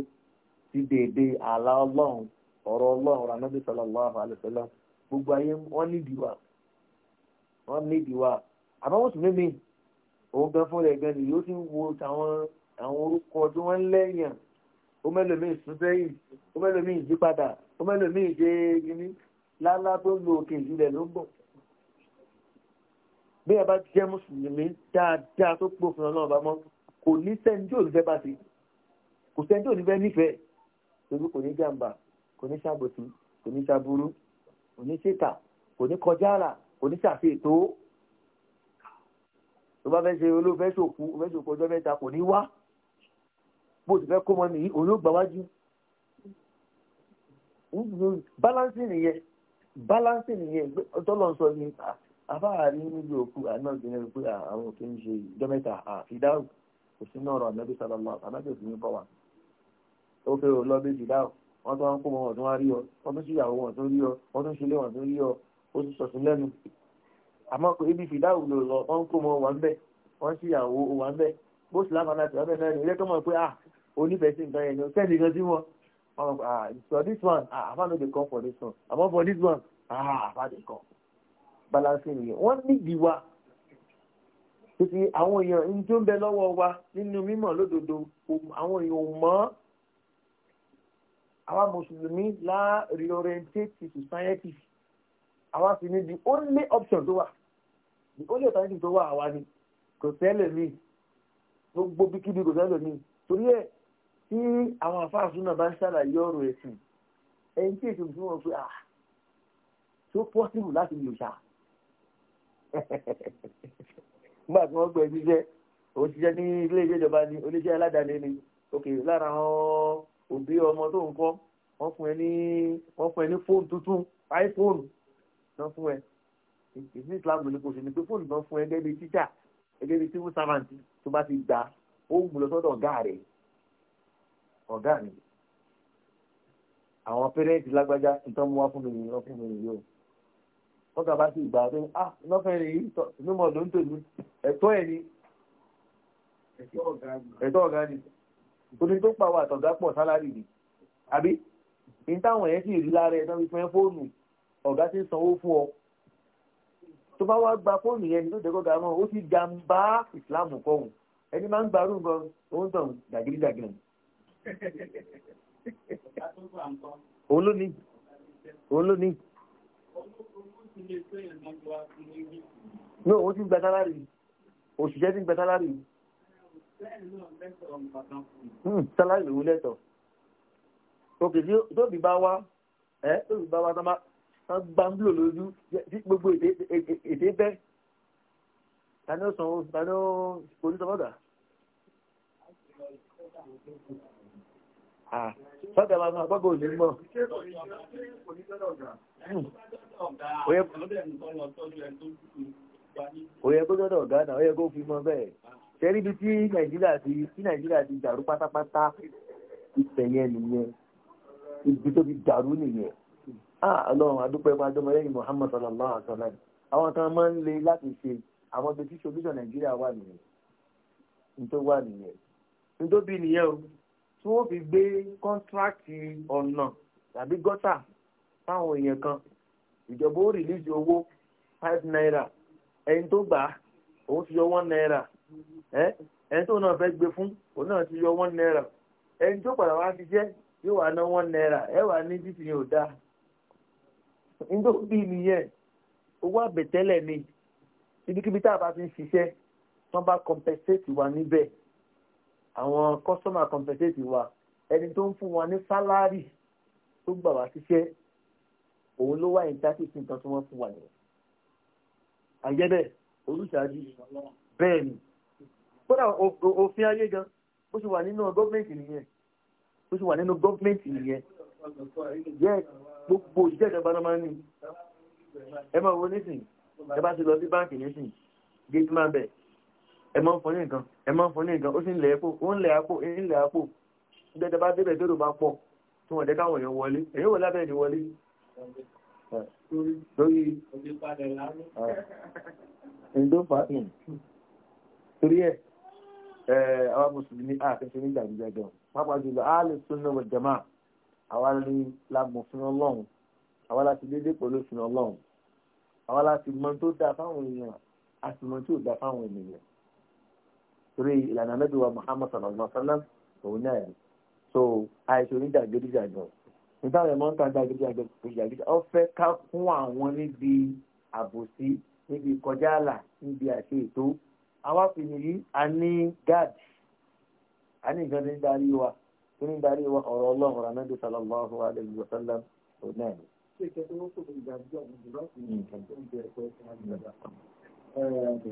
sí déédéé àlá Ọlọ́run, ọ̀rọ̀ Ọlọ́run, ọ̀rọ̀ Anábì sallallahu alaihi wasallam. Gbogbo ayé wọ́n nídìí wa. Wọ́n nídìí wa. Àbá Mùsùlùmí mi, òun gan fúnra ẹ̀ gan ni yóò ti wo àwọn orúkọ tí wọ́n ń lẹ́yìn ó mẹ́lòmíì sún sẹ́yìn ó mẹ́lòmíì yí padà ó mẹ́lòmíì dé gíní lálá tó lo òkè ìjìnlẹ̀ ló ń bọ̀. bí ẹ bá jẹ́ mùsùlùmí dáadáa tó pòfin ọlọ́run bá mọ́ kò ní sẹ́ni tí ò ní fẹ́ bá ti kò sẹ́ni tí ò ní fẹ́ nífẹ̀ẹ́ torí kò ní jàǹbá kò ní ṣàbòsí kò ní ṣàbúrú kò ní ṣèkà kò ní kọjá àlà kò ní ṣàfihàn tó tó bá fẹ́ ṣe olóòfẹ́ ṣòkú olóòfẹ́ ṣòkú ọjọ́ mẹ́ta kò ní wá bó ti fẹ́ kó mọ nìyí òun yóò gbà wájú balansi nìyẹn balansi nìyẹn tọ́lọ̀ ń sọ ah, ní afáàrí níbi òkú àná ìgbìyànjú pé ah, àwọn òkè ń ṣe ìjọ mẹ́ta àfidáwò kò sínú ọ̀rọ̀ ànábì sálọ́lá ànábì òkú ní bọ́wà ó fẹ́ o lọ bí ìdáwò wọ́n tó ń kó wọn ọ̀tún wá rí ọ wọ́n tó ṣíyàwó wọn tó rí ọ wọ́n tó ṣílé wọn tó rí ọ ó ti sọ̀tún lẹ́nu àmọ́ pé ibi ìdáwò lò lọ wọ́n kó wọn wà ń bẹ̀ wọ́n ṣíyàwó wà ń bẹ̀ bó sì láǹfààní àti ọ̀bẹ̀ náà ní ilé tó mọ̀ pé ah onífẹ̀ẹ́ sí nǹkan yẹn ni sẹ́ni kan sí wọn so this one ah afa no dey come for this one àmọ́ for this one ah afa dey come balancing yẹn wọ́n nídìí wa títí àwọn èèyàn ń tó ń bẹ lọ́wọ́ wa nínú mímọ̀ lódodo àwọn èèyàn ò mọ́ àwa mùsùlùmí la reorientate to society àwa sì ní the only option tó wà the only alternative tó wà àwa ni kò sẹ́lẹ̀ mi gbogbo bíkíbi kò sẹ́lẹ̀ mi torí ẹ̀ tí àwọn àfáàsù náà bá ń ṣàlàyé ọ̀rọ̀ ẹ̀sìn ẹni tí èsì fún wọn pé à tó pọ́sibù láti lò ṣá <laughs> nígbà tí wọ́n gbé ẹbí jẹ́ òun ti jẹ́ ní ilé iṣẹ́ ìjọba ni oníṣẹ́ aládàáni ni òkè lára àwọn òbí ọmọ tó ń kọ́ wọ́n fún ẹ ní wọ́n fún ẹ ní fóònù tuntun iphone náà fún ẹ ìdí ìsìlámù ní kò sí ni pé fóònù náà fún ẹ gẹ́gẹ́ bí tíṣà gẹ́gẹ́ bí civil servant tó bá ti gbà ó wù lọ sọ́dọ̀ ọ̀gá rẹ̀ ọ̀gá mi àwọn pẹrẹntì lágbájá ìtọ́mú wá fún mi nìyí wọ́n fún mi nìyí o wọ́n kà bá sí ìgbà pé ah lọ́fẹ̀ẹ́ rẹ̀ yìí mímọ̀ ló ń tèmi ẹ̀tọ́ ẹ̀ ni ẹ̀tọ́ ọ̀gá ni torí tó pàwọ́ àtọ̀gá pọ̀ sálárì ni àbí ní táwọn ẹ̀ sì rí lára ẹ̀ náà fi fẹ́ fóònù ọ̀gá ti sanwó fún ọ tó bá wá gba fóònù yẹn tó dẹ́kọ̀ gàmọ́ ó ti òun ló ní òun ló ní. no o ti ń gba sálárì òṣìṣẹ́ ti ń gba sálárì. Hmm, sálárì ló lẹ́tọ̀ òkè tí tóbi bá wá ẹ́ tóbi bá wá tán bá ń bùlò lójú tí gbogbo èdè bẹ́ẹ̀ tani ó sanwó tani ó polisi ọ̀dà. sọ́dẹ̀ máa máa gbọ́gbọ́ òní mọ́. kó ọ̀gá náà, kó fi mọ́ bẹ́ẹ̀. tí Nàìjíríà ti dàrú pátápátá nìyẹn, ibi tó ti dàrú nìyẹn. Ah, Ọlọ́run adúpẹ́ lẹ́yìn Àwọn kan máa ń le láti ṣe àwọn ibi tí Nàìjíríà wà nìyẹn. Nítorí wà nìyẹn. Nítorí bí o. tí wọ́n fi gbé kọ́ńtrákì ọ̀nà tàbí gọ́tà fáwọn èèyàn kan ìjọba ó rìlíìsì owó five naira ẹni tó gbà á òun ti yọ one naira ẹni tó náà fẹ́ gbé fún òun náà ti yọ one naira ẹni tó padà wá ṣiṣẹ́ yóò wá ná one naira ẹ wà ní títì yóò dáa nítorí nìyẹn owó àbẹ̀tẹ́lẹ̀ ni ibikíbi tá a bá ti ń ṣiṣẹ́ wọ́n bá compensate wa níbẹ̀ àwọn customer compensate wa ẹni tó ń fún wọn ní sálárì tó gbà wá síṣẹ́ òun ló wà ní tásì sí nǹkan tí wọ́n fún wa nìyẹn àjẹ́bẹ̀ olùṣàájú bẹ́ẹ̀ ni kódà òfin ayé gan ó sì wà nínú gọ́ọ̀mẹ̀ntì nìyẹn ó sì wà nínú gọ́ọ̀mẹ̀ntì nìyẹn yẹ gbogbo ìjẹ́ ìjọba náà máa ń ní ẹ máa wo nísìn ẹ bá ti lọ sí báǹkì nísìn gate ẹ máa ń fọ ní nǹkan ẹ máa ń fọ ní nǹkan ó sì ń lẹ̀ ẹ́pò ó ń lẹ̀ àpò ń lẹ̀ àpò dẹ́dẹ́ bá débẹ̀ tó bá pọ̀ tí wọ́n dẹ́ káwọn èèyàn wọlé èyí wò lábẹ́ ẹni wọlé lórí ìdófàáhìn torí ẹ̀ àwọn mùsùlùmí àkẹ́kẹ́ ní ìdàgbàjọ pápá jùlọ àálẹ̀ súnà wal jamaa àwa ní lágbọ̀n fún ọlọ́run àwa láti dédé pẹ̀lú fún ọlọ́run àwa láti mọ tó dáa fáwọn èèyàn àti mọ tí dáa fáwọn ènìyàn torí ìlànà anábì wa muhammad sallallahu alaihi wa sallam òun náà ni so àìsè onídàgbédìjàgbọ̀n nígbà wọn mọ̀ ń ta jàgídíjàgídíjà ọ fẹ́ ká kún àwọn níbi àbòsí níbi kọjá àlà níbi àṣẹ ètò àwọn àfihàn yìí a ní gáàdì a ní nǹkan tó ń darí wa tó ń darí wa ọ̀rọ̀ ọlọ́run ọ̀rọ̀ anábì sallallahu alaihi wa sallam òun náà ni. ṣé ìkẹ́kẹ́ wọn kò tó ìgbàgbọ́ àwọn ìgbàgbọ́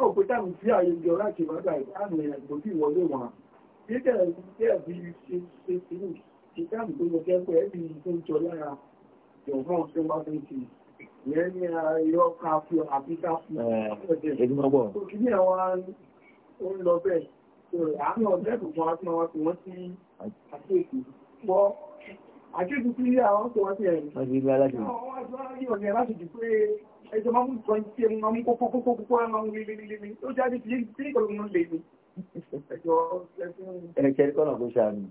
a ò pé táàmù tí láti máa gbà ìbáàmù èèyàn kò sí ìwọlé wọn títẹ̀ títẹ̀ bí ṣe ṣe sínú ti táàmù ti ìyẹn ní ayọ́ àwọn ó wọ́n fi wọ́n sí àkéèkì pọ́ àkéèkì tí àwọn tó wọ́n ẹjọ́ máa mú twenty ẹmu máa mú kókó kókó kókó ẹ máa mú lílí lílí ó jáde tí tí kò lóun lè ní. ẹnikẹ́ni kọ́nà kó ṣàánú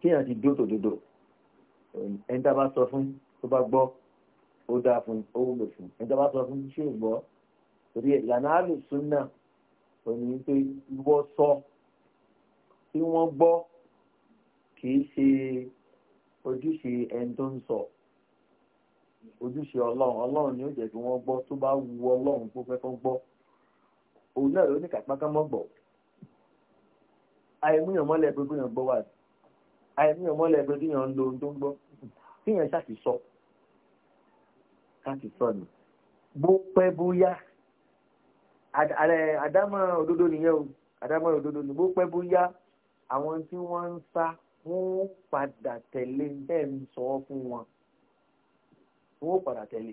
kíyàn ti dó tòdodo ẹni tá a bá sọ fún tó bá gbọ́ ó dáa fún ó wúlò fún ẹni tá a bá sọ fún ṣé ò torí ẹ̀ ìlànà àlùsùn náà ò pé wọ́n sọ tí wọ́n gbọ́ kì í ṣe ojúṣe ẹni tó ń sọ. ojúṣe ọlọ́run ọlọ́run ni ó jẹ́ kí wọ́n gbọ́ tó bá wu ọlọ́run tó fẹ́ kán gbọ́ òun náà ló ní kàpákán mọ́ gbọ́ àìmúyàn mọ́lẹ̀ pé kéèyàn gbọ́ wà àìmúyàn mọ́lẹ̀ pé kéèyàn ń lo ohun tó ń gbọ́ kéèyàn ṣáàtì sọ káàtì sọ ni bó pẹ́ bóyá àdámọ́ òdodo nìyẹn o àdámọ́ òdodo ni bó pẹ́ bó yá àwọn tí wọ́n ń sá wọ́n padà tẹ̀lé bẹ́ẹ̀ ń sọ fún wọn. wọn ó padà tẹ̀lé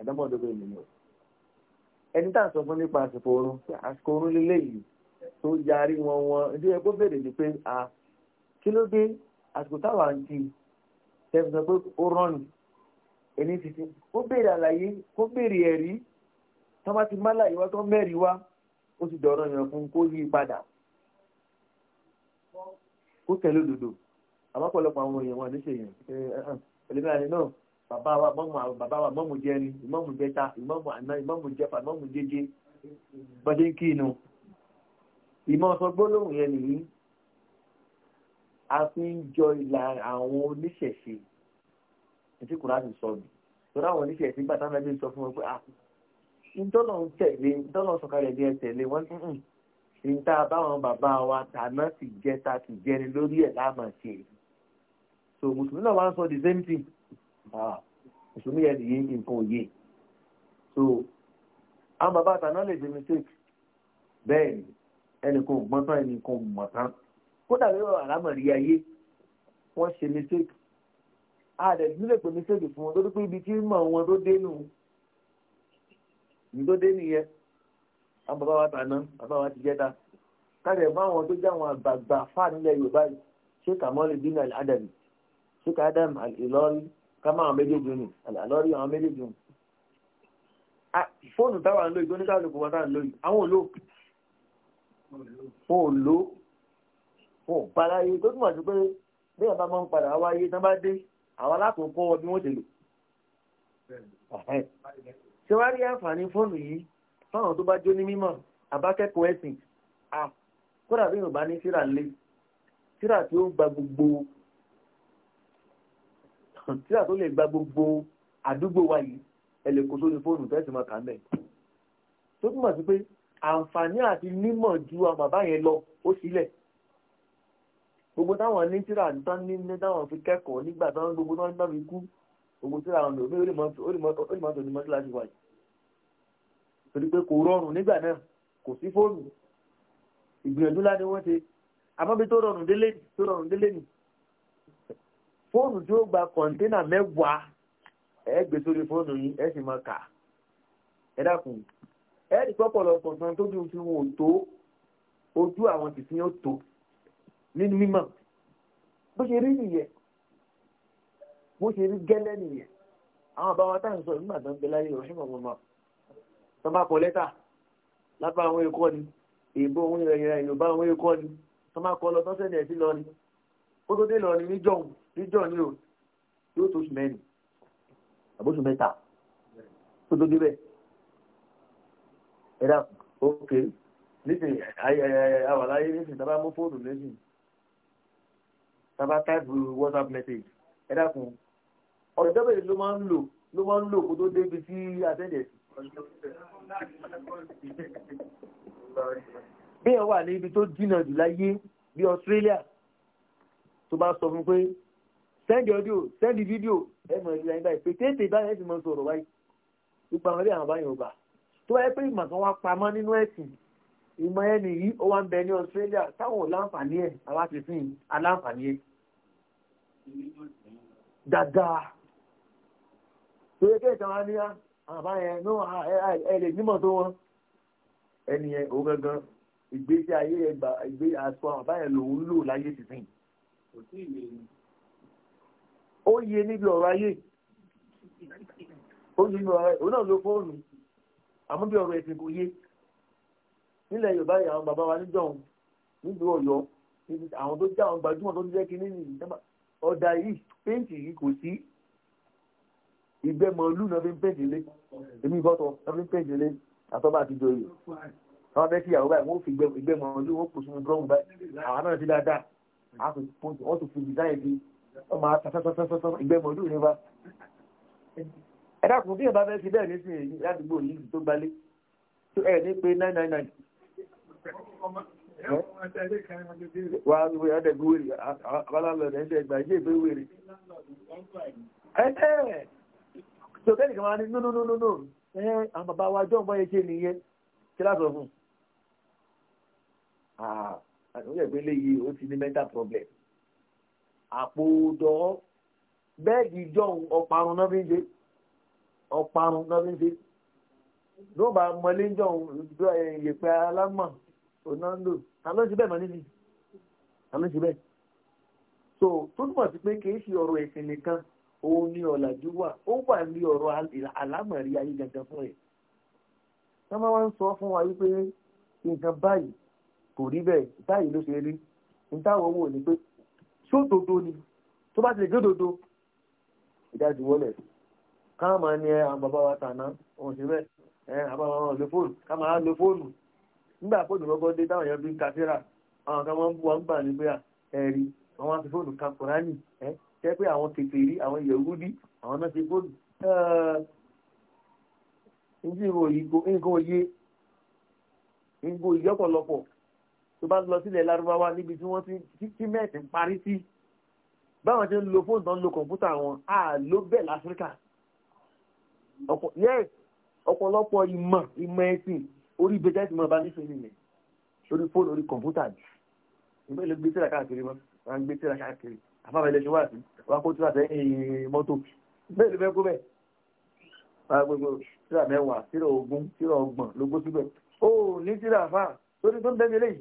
àdámọ́dọ́gbẹ́ ènìyàn ẹni tá à ń sọ fún nípa àsìkò oorun àsìkò oorun lélẹ́yìí tó yarí wọn wọn ẹbí ẹ bèrè ni pé a kí ló dé àsìkò táwa ń ti tẹ̀sán sọ pé ó rán ni ẹni títí ó bèrè àlàyé kó bèrè ẹ̀rí tó bá ti má láyé wá tó mẹ́rin wá ó sì dọ̀rọ̀ yàn fún kó yí padà kó tẹ̀lé òdodo àmọ́ pọ̀lọpọ̀ àwọn èèyàn wọn àníṣe yẹn ẹlẹ́gbẹ̀rún náà bàbá wa mọ́mù bàbá wa mọ́mù jẹni ìmọ́mù jẹta ìmọ́mù àná ìmọ́mù jẹfà ìmọ́mù jẹjẹ bọ́dé ń kínu ìmọ̀ sọ gbólóhùn yẹn nìyí a fi ń jọ ìlà àwọn oníṣẹ̀ṣe ètí kùránì sọ nù lọ́dọ̀ àwọn oníṣẹ̀ṣe gbàtà náà lè sọ fún wọn pé ah ntọ́nà ń tẹ̀lé ntọ́nà sọ̀kalẹ̀ ní ẹ tẹ̀lé wọ́n ń ta báwọn bàbá wa tàná sì jẹta sì jẹni lórí ẹ̀ láàmà ṣe so mùsùlùmí náà wá ń sọ the same thing. Ah, mùsùlùmí yẹn nìyí nǹkan òye so àwọn bàbá àtàná lè ṣe mistake bẹ́ẹ̀ ni ẹnì kan gbọ́n tán ẹnì kan mọ̀ tán kódà lórí àlámọ̀rí ayé wọ́n ṣe mistake àdẹ̀dún lè pè mistake fún wọn lórí pé ibi tí mọ̀ wọn tó dé nù ní tó dé nìyẹn àwọn bàbá wa tàná bàbá wa ti jẹ́ta káàdì ẹ̀fọ́ àwọn tó jẹ́ àwọn àgbààgbà fáà nílẹ̀ Yorùbá ṣé kàmọ́lì dínà àdàbì ṣé kàdàm àìlọ́rí ká máa méjèèjì nù àlọ́rí àwọn méjèèjì nù. fóònù táwa ń lò yìí oníkàlùkù wọn táà ń lò yìí àwọn òlò wọn ò lò wọn para yìí tó túmọ̀ sí pé bí ọba máa ń padà wáyé tán bá dé àwọn alákòókò ọbí wọn ti lò. ṣé wàá rí àǹfààní fóònù yìí fáwọn tó bá jó ní mímọ̀ àbákẹ́kọ̀ọ́ ẹ̀sìn kódà bí yorùbá ní síra lé síra tí ó gba gbogbo tíra tó lè gba gbogbo àdúgbò wa yìí ẹ lè kó sórí fóònù tẹ́sí máa kà ń bẹ̀. tó túmọ̀ sí pé àǹfààní àti nímọ̀ ju àwọn bàbá yẹn lọ ó sílẹ̀ gbogbo táwọn ní tíra tán ní ní táwọn fi kẹ́kọ̀ọ́ nígbà táwọn gbogbo tán náà fi kú gbogbo tíra àwọn ọmọ ó lè mọ ó lè mọ ó lè mọ tó ní mọ́ síláṣí wáyé torí pé kò rọrùn nígbà náà kò sí fóònù ìgbìyànjú lá wọ́n ṣe àmọ́ tó rọrùn délé tó rọrùn délé nìí fóònù tí ó gba kọ̀ǹtínà mẹ́wàá ẹ gbé sórí fóònù yìí ẹ sì máa kà ẹ dákun ẹ rí pọ́pọ̀lọpọ̀ kan tó dùn tí wọn ò tó ojú àwọn tìsín ó tó nínú mímọ̀ bó ṣe rí nìyẹn bó ṣe rí gẹ́lẹ́ nìyẹn àwọn bàbá tá à ń sọ nígbà tó ń bẹ láyé ìrọ̀ṣẹ́ mọ̀mọ́mọ́ tó bá kọ lẹ́tà lápá àwọn èkó ni èèbó òun ìrẹ̀yìn ìrọ̀bá àwọn èkó ni tó bá kọ lọ tó sẹ́ni ẹ̀ sí lọ ni ó tó dé lọ ni níjọ́hùn níjọ́ ni o yóò tó oṣù mẹ́rin àbóṣù mẹ́ta tó tó débẹ̀ ẹ̀dá òkè nísìn àwàláyé nísìn tàbá mú fóònù nísìn tàbá táìpù whatsapp message ẹ̀dá kun ọ̀rọ̀ ìjọba ló máa ń lò ló máa ń lò kó tó débi sí àtẹ́jẹ̀ bí ẹ wà ní ibi tó jìnnà jù láyé bí Australia tó bá sọ fún pé Send the audio, sẹ́ndì ọdíò sẹ́ndì fídíò ẹ̀mọ̀ ìlú ẹ̀yìn báyìí pété ètè báyìí ẹ̀sìn mọ́ sọ̀rọ̀ báyìí gbogbo àwọn ilé àwọn báyìí ò gbà tó wáyé pé ìmọ̀ kan wá pamọ́ nínú ẹ̀sìn ìmọ̀ ẹni yìí ó wá ń bẹ ní Australia táwọn ò láǹfààní ẹ̀ àwa ti sìn aláǹfààní ẹ̀ dáadáa tó yẹ kéèké wọn ní ah, àbáyẹn náà ah, ẹ lè nímọ̀ tó wọn ẹni ẹ òun gangan ìgbésí ayé ẹgbà ìgbé àṣọ àbáyẹn lòun lò láyé ti sìn. kò tí ì ó yẹ níbi ọ̀rọ̀ ayé ó yẹ níbi ọ̀rọ̀ ayé òun náà ló fóònù àmọ́ bí ọ̀rọ̀ ẹ̀sìn kò yé nílẹ̀ yorùbá yìí àwọn bàbá wa níjọ̀hún nílùú ọ̀yọ́ àwọn tó já àwọn gbajúmọ̀ tó ń jẹ́ kínní nìyí ọ̀dà yìí péǹtì yìí kò sí ìgbẹ́ mọ̀ọ́lù náà fi ń péǹtì lé èmi ìbọ́tọ̀ náà fi ń péǹtì lé àtọ́bà àti ìjòyè àwọn bẹ́ẹ̀ sí ìyàwó báyìí wọ́n fi ìgbẹ́ mọ̀ọ́lù wọ́n kò sínú drọ́ọ̀mù báyìí àwọn náà ti dáadáa wọ́n tún fi ìdáyẹ̀ bíi ọmọ àtàtàtàtàtà ìgbẹ́mọ̀lú rẹ wa ẹ̀dá kùn kí ìbá fẹ́ fi bẹ́ẹ̀ nísìn èyí ládùúgbò yìí tó gbalé tó ẹ̀ ní pé 999 wà á wé ọdẹ̀gbé wèrè abálálọ̀dẹ̀ ẹ̀ṣẹ̀ ìgbà ìjẹ́ ìgbé wèrè ẹ̀ẹ́ tó kẹ́ nìkan máa ní nónónónó ẹ̀ẹ́ àwọn bàbá wa jọ́ ọmọ ẹ̀ṣẹ̀ nìyẹn kí lásọ fún un ah, àwọn ẹ̀gbẹ́ lè yí ó ti ní mental problem àpò òdọ́ bẹ́ẹ̀dì jọun ọparun náà fi ń ṣe ọparun náà fi ń ṣe ló bá mọlé jọun eh, ìyẹ̀pẹ̀ alámọ̀ ṣe bẹ́ẹ̀ ṣe so tó túmọ̀ sí pé kì í ṣe ọ̀rọ̀ ẹ̀sìn nìkan òun ni ọ̀làjú wà ó wà ní ọ̀rọ̀ alámọ̀rí ayé gangan fún ẹ̀ sọ fún wa wípé nǹkan báyìí kò rí bẹ́ẹ̀ báyìí ló ṣe rí sódodo ni tó bá ti lè jódodo ìdájú wọlé káà máa ní ẹ àwọn bàbá wa tàná òun sì bẹ́ẹ̀ ẹ àbá wọn lè fóònù ká máa lo fóònù nígbà fóònù lọ́gọ́ dé táwọn èèyàn bí ń ka síra àwọn kan máa ń bú wọn gbà ní pé ẹ̀rí àwọn àti fóònù ka kùránì ẹ jẹ́ pé àwọn kèfèrí àwọn yẹ̀wúdí àwọn náà ti fóònù ǹjẹ́ ìwò yìí nǹkan òye nǹkan ọ̀pọ̀lọpọ̀ tó bá lọ sílẹ̀ lárúbáwá níbi tí wọ́n ti tí mẹ́ẹ̀tì ń parí sí báwọn ti ń lo fóònù tó ń lo kọ̀ǹpútà wọn á ló bẹ́ẹ̀ láfíríkà ọ̀pọ̀lọpọ̀ ìmọ̀ ìmọ̀ ẹ̀sìn orí bẹ́tẹ́ ti mọ̀ bá nífẹ̀ẹ́ nílẹ̀ lórí fóònù orí kọ̀ǹpútà ni ìgbẹ́ ló gbé tíra káàkiri mọ́ wọn gbé tíra káàkiri àfáàfẹ́ ilẹ̀ ṣe wá sí wọn kó tíra tẹ́ mọ́tò bẹ́ẹ̀ ló fẹ́ kó bẹ́ẹ̀ agbègbè tíra mẹ́wàá tíra ogún tíra ọgbọ̀n ló gbó síbẹ̀ ó ní tíra àfáà lórí tó ń bẹ́ẹ̀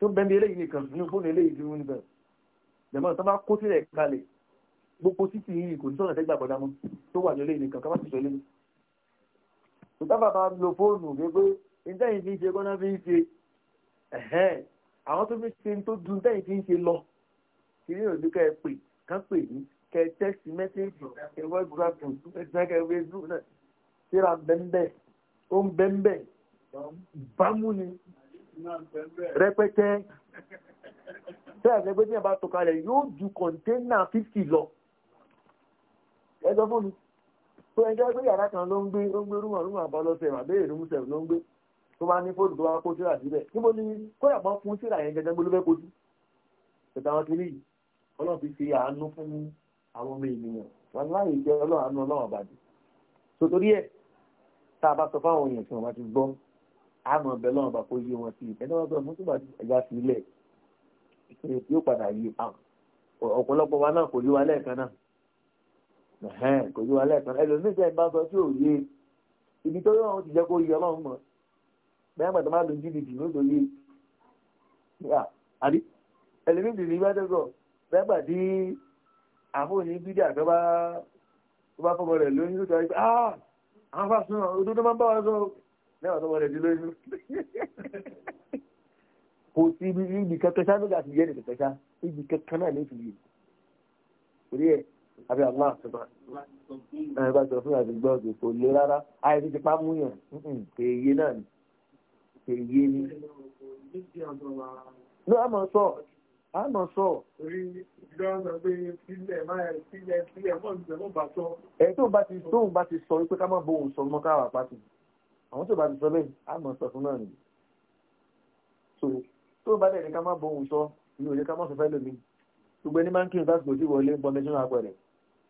tó bẹ́ẹ̀ eléyìí nìkan ní fóònù eléyìí tí wọ́n ń bẹ̀rẹ̀ jẹ̀mọ́ tó bá kó sílẹ̀ kalẹ̀ gbogbo títì yìí kò ní sọ̀rọ̀ tẹ́gbà pọ̀dá mọ́ tó wà ní eléyìí nìkan ká má sì sọ eléyìí tó bá lo fóònù gbégbé ìtẹ́yìn fi ń ṣe kọ́nà fi ń ṣe ẹ̀hẹ́n àwọn tó fi ṣe tó dun tẹ́yìn fi ń ṣe lọ kí ní òdu kẹ́ ẹ pè kán pè yín kẹ́ tẹ́sì mẹ́sẹ̀jì kẹ́ ni rẹpẹtẹ tẹ́ẹ̀fẹ́ pé tí ẹ̀ bá tọkalẹ̀ yóò ju kọ̀ǹténà 50 lọ ẹ sọ fún mi tó ẹjọ́ pé yàrá kan ló ń gbé ó ń gbé rúmọ̀ rúmọ̀ àbálọ́sẹ̀ àbẹ́yẹ̀ rúmù sẹ̀ ló ń gbé tó bá ní fóònù tó bá kó síra síbẹ̀ níbo ni kóyà bá fún síra yẹn gẹ́gẹ́ gbóló fẹ́ kojú tẹ̀tà wọn kiri yìí ọlọ́run fi ṣe àánú fún àwọn ọmọ ènìyàn wọn láàyè jẹ́ ọlọ́run àánú ọlọ́run àbàdì sotori ẹ̀ tá a bá sọ fáwọn èèyàn tí wọ́n bá ti gbọ́ àmọ́ bẹ́ẹ̀ lọ́wọ́ bá kó yé wọn sí i ẹni wọ́n sọ fún túbà ẹ̀yà sí ilẹ̀ ìpè tí ó padà yé ọ̀pọ̀lọpọ̀ wa náà kò yé wa lẹ́ẹ̀kan náà kò yé wa lẹ́ẹ̀kan náà ẹlòmíì tẹ́ ẹ bá sọ tí ò yé ibi tó yọ̀ ọ́n ti jẹ́ kó yé ọlọ́run mọ̀ bẹ́ẹ̀ pàtó má lo gdp lóso yé àbí ẹlòmíì tì ní bá dẹ́gọ̀ bẹ́ẹ̀ pàtí àfọ̀ní bídí àgbẹ̀ bá fọmọ mẹ́wàá sọ́wọ́ rẹ̀ di lóyún kò sí ibi kankan sá nígbà tí yẹ́ ní kankan sá ibi kankan náà ní ìfìyè orí ẹ̀ àbí àmọ́ àtúntà ẹ̀ bá sọ fún àgbègbè ọ̀gbìn kò lé rárá àìsí ti pa mú yàn kéèyé náà ni kéèyé ni. ló a máa sọ a máa sọ. pé sílẹ̀ máa sílẹ̀ sílẹ̀ mọ́ ìgbẹ́ mọ́ bá sọ. ẹ̀ tó bá ti sọ pé ká má bọ̀ òun sọ mọ́ káwà pàtó àwọn tó bá ti sọ bẹ́ẹ̀ á mọ̀ sọ fún náà nìyí so tó bá dẹ̀ ní ká má bọ òun sọ ní òye ká má sọ fẹ́ẹ́ lómi gbogbo ẹni máa ń kírun sásìkò tí wọlé ń bọ national apẹ̀rẹ̀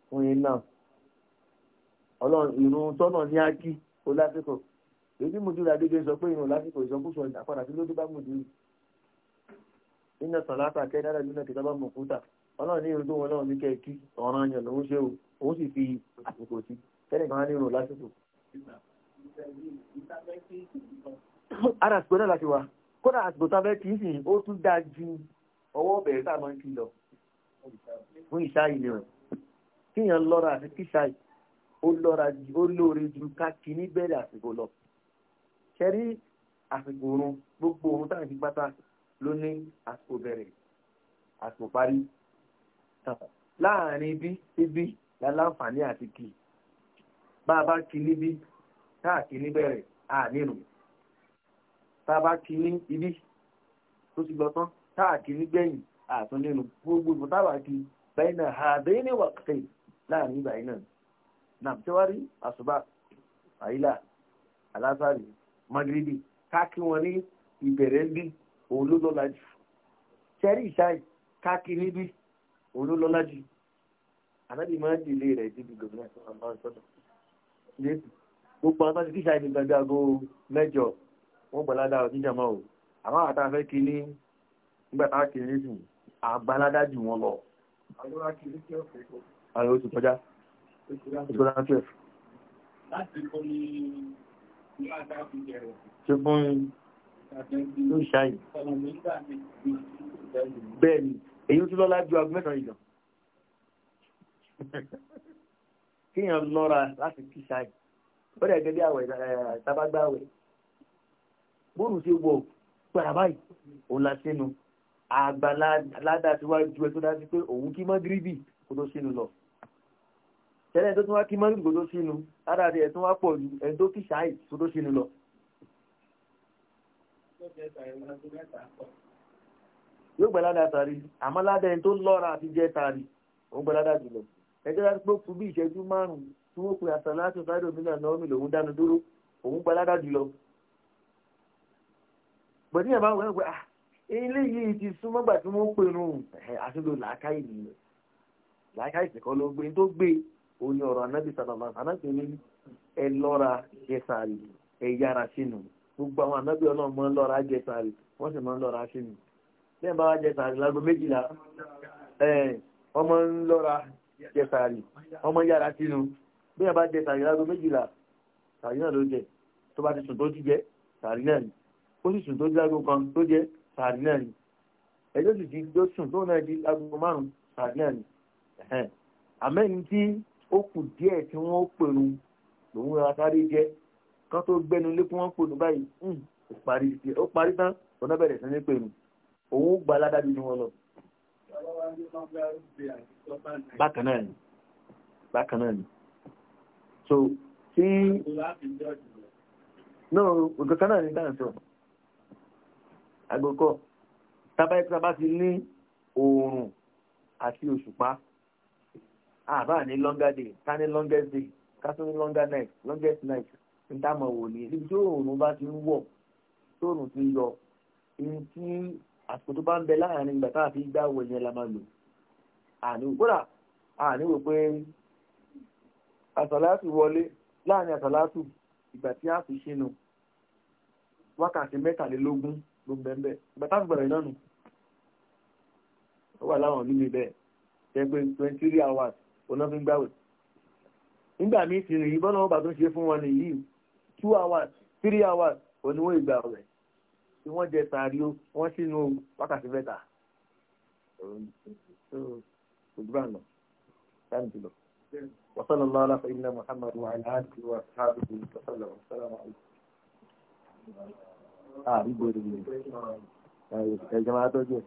fún yín náà ọlọ́run ìrun tọ́nà ní ákí ó lásìkò èyí mùdúrà dédé sọ pé ìrun lásìkò ìsọkúsọ ìdàpadà sí ló dé bá mùdúrà nínú sọ̀láta kẹ́ dáadáa nínú kìtà bá mọ̀ fúta ọlọ́run ní irun tó wọn náà ní kẹ́ẹ̀kí ọ̀ràn yàn lòún ṣe o òun sì fi àsìkò sí kẹ́nìkan á ní irun lásìkò ara àsìkò náà láti wá kódà àsìkò tá a fẹ́ kì í sìn ó tún dáa ju ọwọ́ bẹ̀rẹ̀ tá a máa ń kí lọ fún ìṣáyì ni ọ̀ kíyàn lọ́ra àti kíṣáyì ó lọ́ra ó lóore ju ká kí ní bẹ̀rẹ̀ àsìkò lọ kẹrí àsìkò oorun gbogbo oorun táwọn ti pátá ló ní àsìkò bẹ̀rẹ̀ àsìkò parí láàrin ibi síbi láláǹfààní àti kì bá a bá kí níbi káàkiri níbẹ̀rẹ̀ ànínú tábà kí ní ibi tó ti lọ tán káàkiri nígbẹ̀yìn àtúndínú gbogbo ìbò tábà kí bẹ́ẹ̀ náà àbẹ́ ní wàkàtẹ́ láàrin ìgbà yìí náà náà tí wá rí àṣùbà àyílà alásàrì magribi káàkiri wọn ní ìbẹ̀rẹ̀ bí òun ló lọ́la jù ṣẹ́rí ìṣáì káàkiri níbi òun ló lọ́la jù ànábì máa ń dìlé rẹ̀ débi gòmìnà sọ́nà máa ń sọ́nà gbogbo àwọn tó ti ṣàìdí gbẹ̀gbẹ̀ aago mẹ́jọ wọ́n gbọ́ládá òjíjà mọ́ o àwọn àtà fẹ́ kí ní nígbàtà kiri nísìn àgbàládá jù wọ́n lọ àwọn oṣù kọjá ṣùgbọ́n ló ṣàì bẹ́ẹ̀ni èyí tó lọ́lá ju aago mẹ́sàn-án ìgbà <laughs> kíyàn lọ́ra láti kí ṣáì ó dẹ̀ gẹ́gẹ́ àwẹ̀ sábàgbàwẹ̀ bóòlù sí wọ gbàrà báyìí òun la sínú àgbà ládàá tí wàá ju ẹ tó dá sí pé òun kí mọ́gírìbì kó tó sínú lọ tẹ́lẹ̀ tó tún wá kí mọ́gírìbì kó tó sínú ládàá rẹ̀ tún wá pọ̀ ju ẹni tó kí ṣáì kó tó sínú lọ. yóò gbẹ ládàá tàrí àmọ́ ládàá ẹni tó lọ́ra àti jẹ́ tàrí òun gbẹ ládàá jùlọ ẹjọ́ dá pé ó kú bí ìṣẹ́jú márùn-ún tí wọ́n pe àṣà láti sáré òmìnira náà mi lòún dánu dúró òun gba jùlọ. bọ̀dí yàrá wọn pé ilé ah, yìí ti súnmọ́ gbà tí wọ́n pè nù àtúndò ló gbé tó gbé ọ̀rọ̀ anábì sàbàbà ní ẹ lọ́ra ẹ yára sínú gbogbo àwọn anábì bí ẹ bá jẹ sàrí lágbo méjìlá sàrí náà ló jẹ tó bá ti sùn tó ti jẹ sàrí náà ni ó sì sùn tó di lágbo kan tó jẹ sàrí náà ni ẹjọ́ sì ti tó sùn tó náà di lágbo márùn sàrí náà ni àmẹ́ni tí ó kù díẹ̀ tí wọ́n pèrú lòun ra sáré jẹ kan tó gbẹnu lé kí wọ́n pèrú báyìí ó parí tán ọ̀nà bẹ̀rẹ̀ sí ní pèrú òun gba aládájú ni wọ́n lọ. bákan náà ni bákan náà ni so tí náà nǹkan kan náà ní dáǹsọ àgbòkọ tábàyí tí a bá ti ní oòrùn àti òṣùpá àbá ní longer day ká ní longest day ká tún ní longer night longest night ní táwọn wò ní níbi tí oòrùn bá ti ń wọ̀ tí oòrùn ti ń yọ ní tí àsìkò tó bá ń bẹ láàrin ìgbà tá a fi gbá wọ yẹn la máa lò àníwò kódà àníwò pé àsàlátù wọlé láàrin àsàlátù ìgbà tí a fi ṣe nù wákàtí mẹ́tàlélógún ló ń bẹ́ẹ̀ ìgbà táwọn gbẹ̀rẹ̀ náà nù ó wà láwọn mímí bẹ́ẹ̀ jẹ́ 23 twenty three hours oná fi ń gbàwẹ̀ nígbà míì ti rìn bọ́lá ọba tó ń ṣe fún wọn nìyí two hours three hours oníwó ìgbà rẹ̀ tí wọ́n jẹ sàárì ó wọ́n sínú wákàtí mẹ́ta òdúrà náà táìmù ti lọ. وصلى الله على سيدنا محمد وعلى اله وصحبه وسلم السلام عليكم اه, آه، يا جماعه توجيه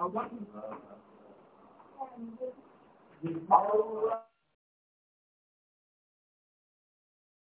Allah'a Thank